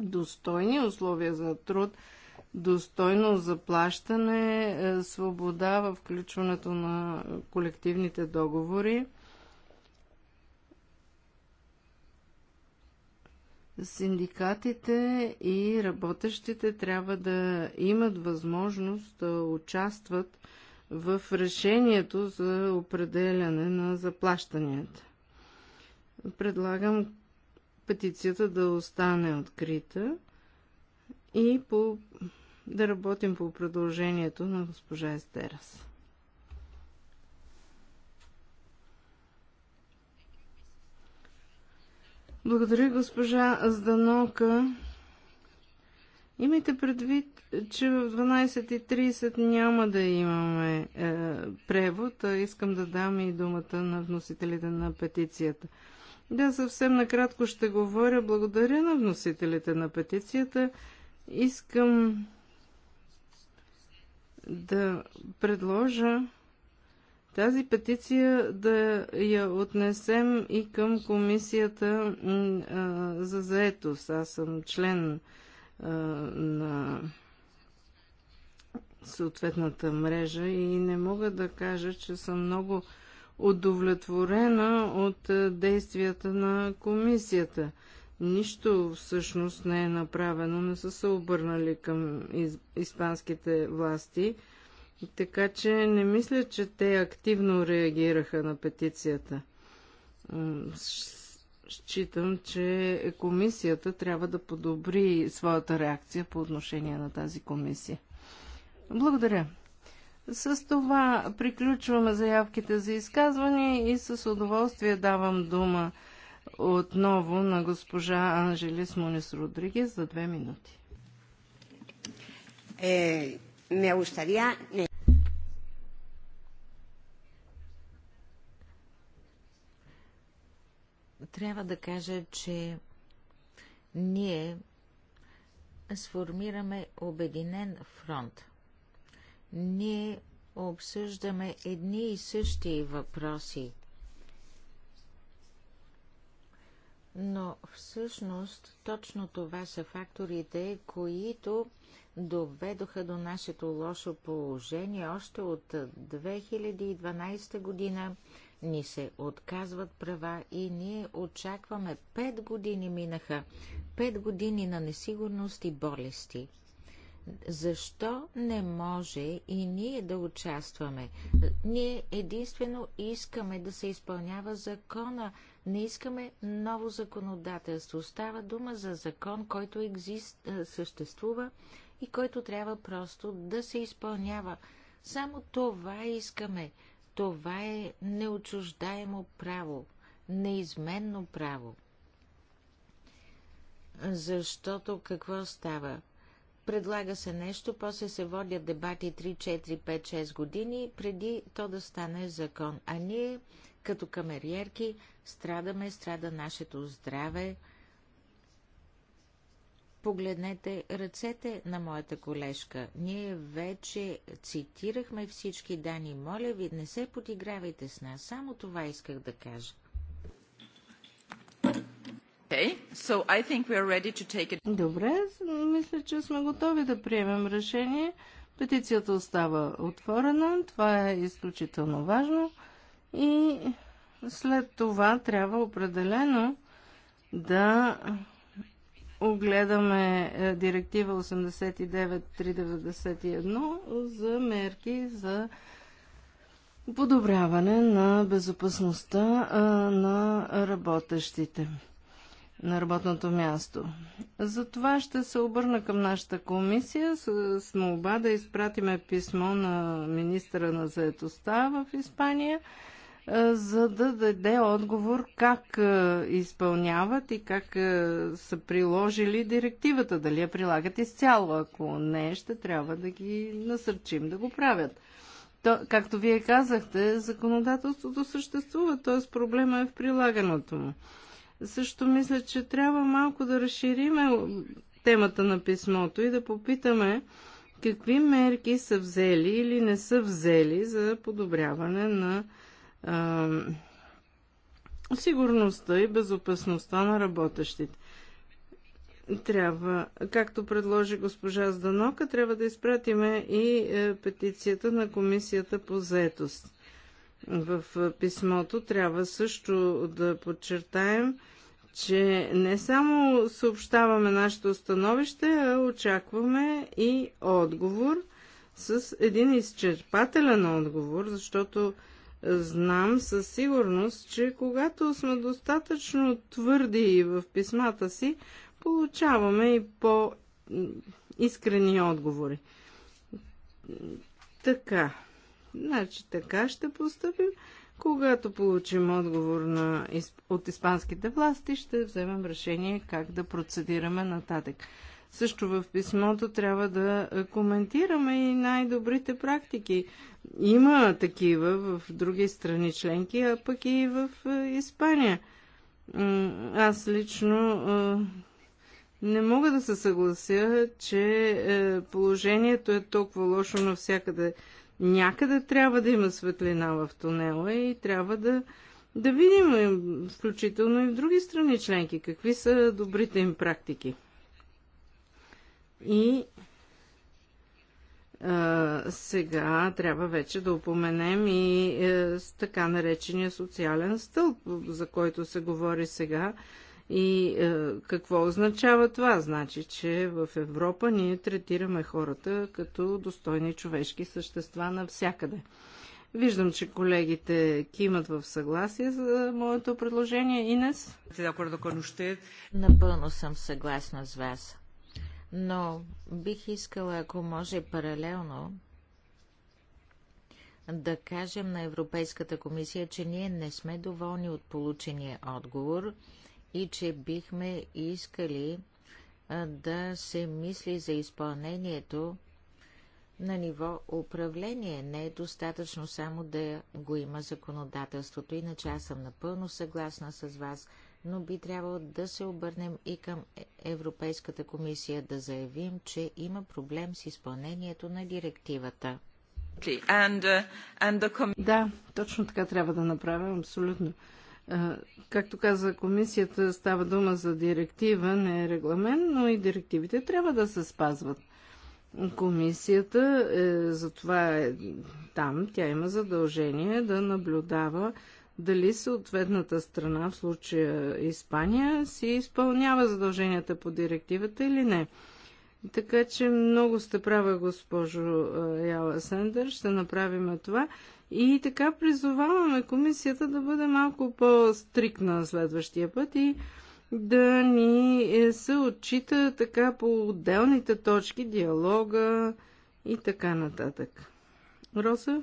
достойни условия за труд, достойно заплащане, е, свобода в включването на колективните договори Синдикатите и работещите трябва да имат възможност да участват в решението за определяне на заплащанията. Предлагам петицията да остане открита и по, да работим по предложението на госпожа Естерас. Благодаря, госпожа Зданока. Имайте предвид, че в 12.30 няма да имаме е, превод. Искам да дам и думата на вносителите на петицията. Да, съвсем накратко ще говоря. Благодаря на вносителите на петицията. Искам да предложа тази петиция да я отнесем и към комисията за заетост. Аз съм член на съответната мрежа и не мога да кажа, че съм много удовлетворена от действията на комисията. Нищо всъщност не е направено, не са се обърнали към испанските власти така че не мисля, че те активно реагираха на петицията. Считам, че комисията трябва да подобри своята реакция по отношение на тази комисия. Благодаря. С това приключваме заявките за изказване и с удоволствие давам дума отново на госпожа Анжелис Монис Родригес за две минути. Е, me gustaría. Трябва да кажа, че ние сформираме обединен фронт. Ние обсъждаме едни и същи въпроси. Но всъщност точно това са факторите, които доведоха до нашето лошо положение. Още от 2012 година ни се отказват права и ние очакваме. Пет години минаха. Пет години на несигурност и болести. Защо не може и ние да участваме? Ние единствено искаме да се изпълнява закона. Не искаме ново законодателство. Става дума за закон, който екзист, съществува и който трябва просто да се изпълнява. Само това искаме. Това е неочуждаемо право, неизменно право. Защото какво става? Предлага се нещо, после се водят дебати 3, 4, 5, 6 години, преди то да стане закон. А ние, като камериерки, страдаме, страда нашето здраве, Погледнете ръцете на моята колежка. Ние вече цитирахме всички данни. Моля ви, не се подигравайте с нас. Само това исках да кажа. Okay. So I think we are ready to take it. Добре, мисля, че сме готови да приемем решение. Петицията остава отворена. Това е изключително важно. И след това трябва определено да огледаме е, директива 89391 за мерки за подобряване на безопасността е, на работещите на работното място. За това ще се обърна към нашата комисия с, молба да изпратиме писмо на министра на заедостта в Испания – за да даде отговор как изпълняват и как са приложили директивата, дали я прилагат изцяло. Ако не, ще трябва да ги насърчим да го правят. То, както вие казахте, законодателството съществува, т.е. проблема е в прилагането му. Също мисля, че трябва малко да разшириме темата на писмото и да попитаме какви мерки са взели или не са взели за подобряване на сигурността и безопасността на работещите. Трябва, както предложи госпожа Зданока, трябва да изпратиме и е, петицията на Комисията по заетост. В е, писмото трябва също да подчертаем, че не само съобщаваме нашето становище, а очакваме и отговор с един изчерпателен отговор, защото Знам със сигурност, че когато сме достатъчно твърди в писмата си, получаваме и по-искрени отговори. Така. Значи така ще поступим. Когато получим отговор на, от испанските власти, ще вземем решение как да процедираме нататък. Също в писмото трябва да е, коментираме и най-добрите практики. Има такива в други страни членки, а пък и в е, Испания. Аз лично е, не мога да се съглася, че положението е толкова лошо навсякъде. Някъде трябва да има светлина в тунела и трябва да, да видим, включително и в други страни членки, какви са добрите им практики. И а, сега трябва вече да упоменем и а, е, така наречения социален стълб, за който се говори сега. И е, какво означава това? Значи, че в Европа ние третираме хората като достойни човешки същества навсякъде. Виждам, че колегите кимат в съгласие за моето предложение. Инес? Напълно съм съгласна с вас но бих искала, ако може паралелно, да кажем на Европейската комисия, че ние не сме доволни от получения отговор и че бихме искали да се мисли за изпълнението на ниво управление. Не е достатъчно само да го има законодателството. Иначе аз съм напълно съгласна с вас – но би трябвало да се обърнем и към е- Европейската комисия да заявим, че има проблем с изпълнението на директивата. Uh, да, точно така трябва да направим, абсолютно. Както каза комисията, става дума за директива, не е регламент, но и директивите трябва да се спазват. Комисията е, затова е там, тя има задължение да наблюдава дали съответната страна, в случая Испания, си изпълнява задълженията по директивата или не. Така че много сте права, госпожо Яла Сендър, ще направим това. И така призоваваме комисията да бъде малко по-стрикна следващия път и да ни е, се отчита така по отделните точки, диалога и така нататък. Роса?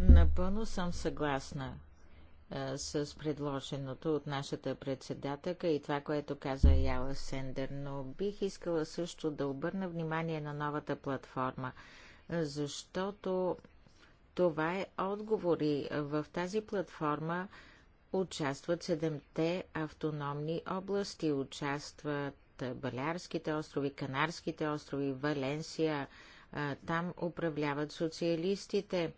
Напълно съм съгласна а, с предложеното от нашата председателка и това, което каза Яла Сендер, но бих искала също да обърна внимание на новата платформа, защото това е отговор и в тази платформа участват седемте автономни области, участват Балярските острови, Канарските острови, Валенсия, там управляват социалистите.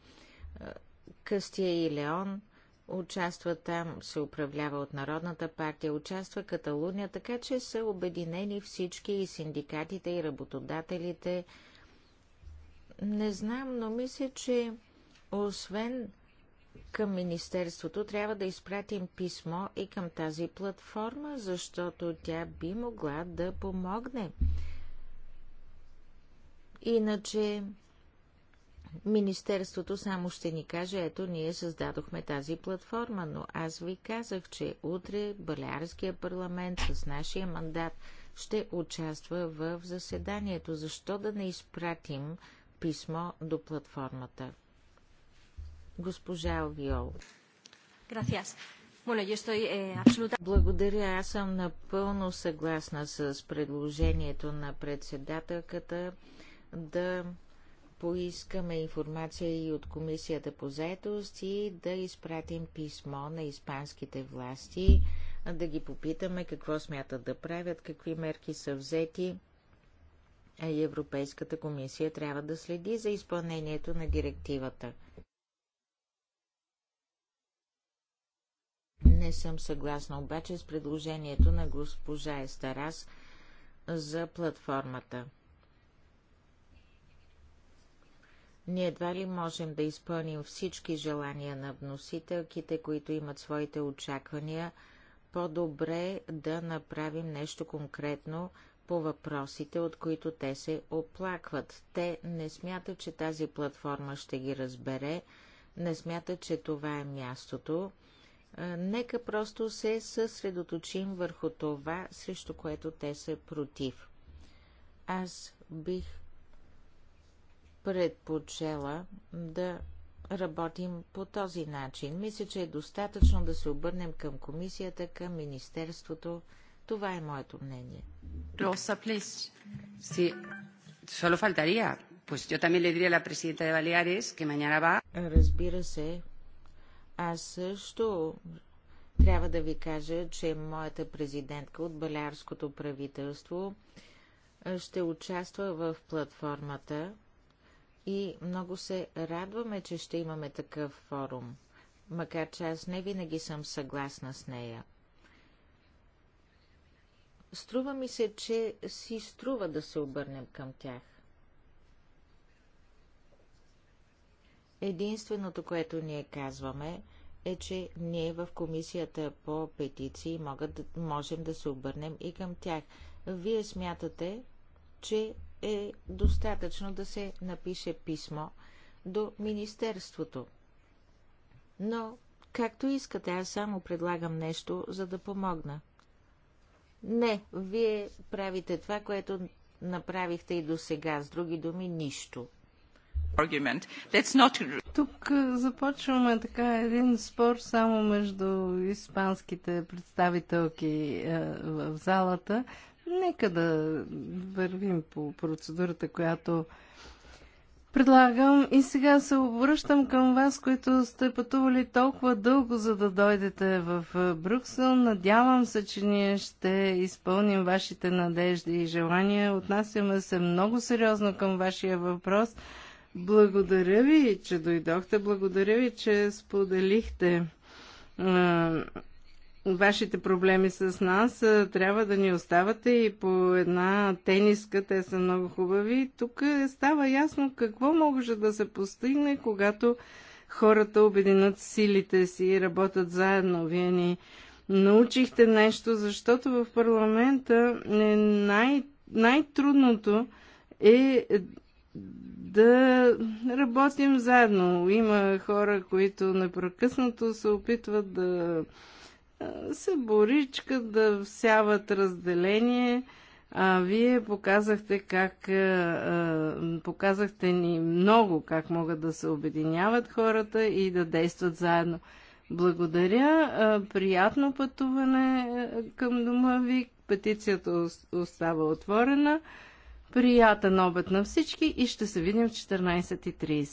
Къстия и Леон участва там, се управлява от Народната партия, участва Каталуния, така че са обединени всички и синдикатите, и работодателите. Не знам, но мисля, че освен към Министерството, трябва да изпратим писмо и към тази платформа, защото тя би могла да помогне. Иначе Министерството само ще ни каже, ето ние създадохме тази платформа, но аз ви казах, че утре Балярския парламент с нашия мандат ще участва в заседанието. Защо да не изпратим писмо до платформата? Госпожа Алвиол. Eh, Благодаря, аз съм напълно съгласна с предложението на председателката да поискаме информация и от Комисията по заедост и да изпратим писмо на испанските власти, да ги попитаме какво смятат да правят, какви мерки са взети. Европейската комисия трябва да следи за изпълнението на директивата. Не съм съгласна обаче с предложението на госпожа Естарас за платформата. Ние едва ли можем да изпълним всички желания на вносителките, които имат своите очаквания, по-добре да направим нещо конкретно по въпросите, от които те се оплакват. Те не смятат, че тази платформа ще ги разбере, не смятат, че това е мястото. Нека просто се съсредоточим върху това, срещу което те са против. Аз бих предпочела да работим по този начин. Мисля, че е достатъчно да се обърнем към комисията, към министерството. Това е моето мнение. Роса, плиз. Си, соло фалтария. Pues yo también le diré a la presidenta de Baleares que mañana va... Разбира се, аз също трябва да ви кажа, че моята президентка от Балярското правителство ще участва в платформата и много се радваме, че ще имаме такъв форум, макар че аз не винаги съм съгласна с нея. Струва ми се, че си струва да се обърнем към тях. Единственото, което ние казваме, е, че ние в комисията по петиции могат, можем да се обърнем и към тях. Вие смятате, че е достатъчно да се напише писмо до Министерството. Но, както искате, аз само предлагам нещо, за да помогна. Не, вие правите това, което направихте и до сега. С други думи, нищо. Not... Тук започваме така един спор само между испанските представителки е, в залата. Нека да вървим по процедурата, която предлагам. И сега се обръщам към вас, които сте пътували толкова дълго, за да дойдете в Брюксел. Надявам се, че ние ще изпълним вашите надежди и желания. Отнасяме се много сериозно към вашия въпрос. Благодаря ви, че дойдохте. Благодаря ви, че споделихте вашите проблеми с нас. Трябва да ни оставате и по една тениска. Те са много хубави. Тук е, става ясно какво може да се постигне, когато хората обединят силите си и работят заедно. Вие ни научихте нещо, защото в парламента е най- най-трудното е да работим заедно. Има хора, които непрекъснато се опитват да се боричкат да всяват разделение. А вие показахте как показахте ни много как могат да се обединяват хората и да действат заедно. Благодаря. приятно пътуване към дома ви. Петицията остава отворена. Приятен обед на всички и ще се видим в 14.30.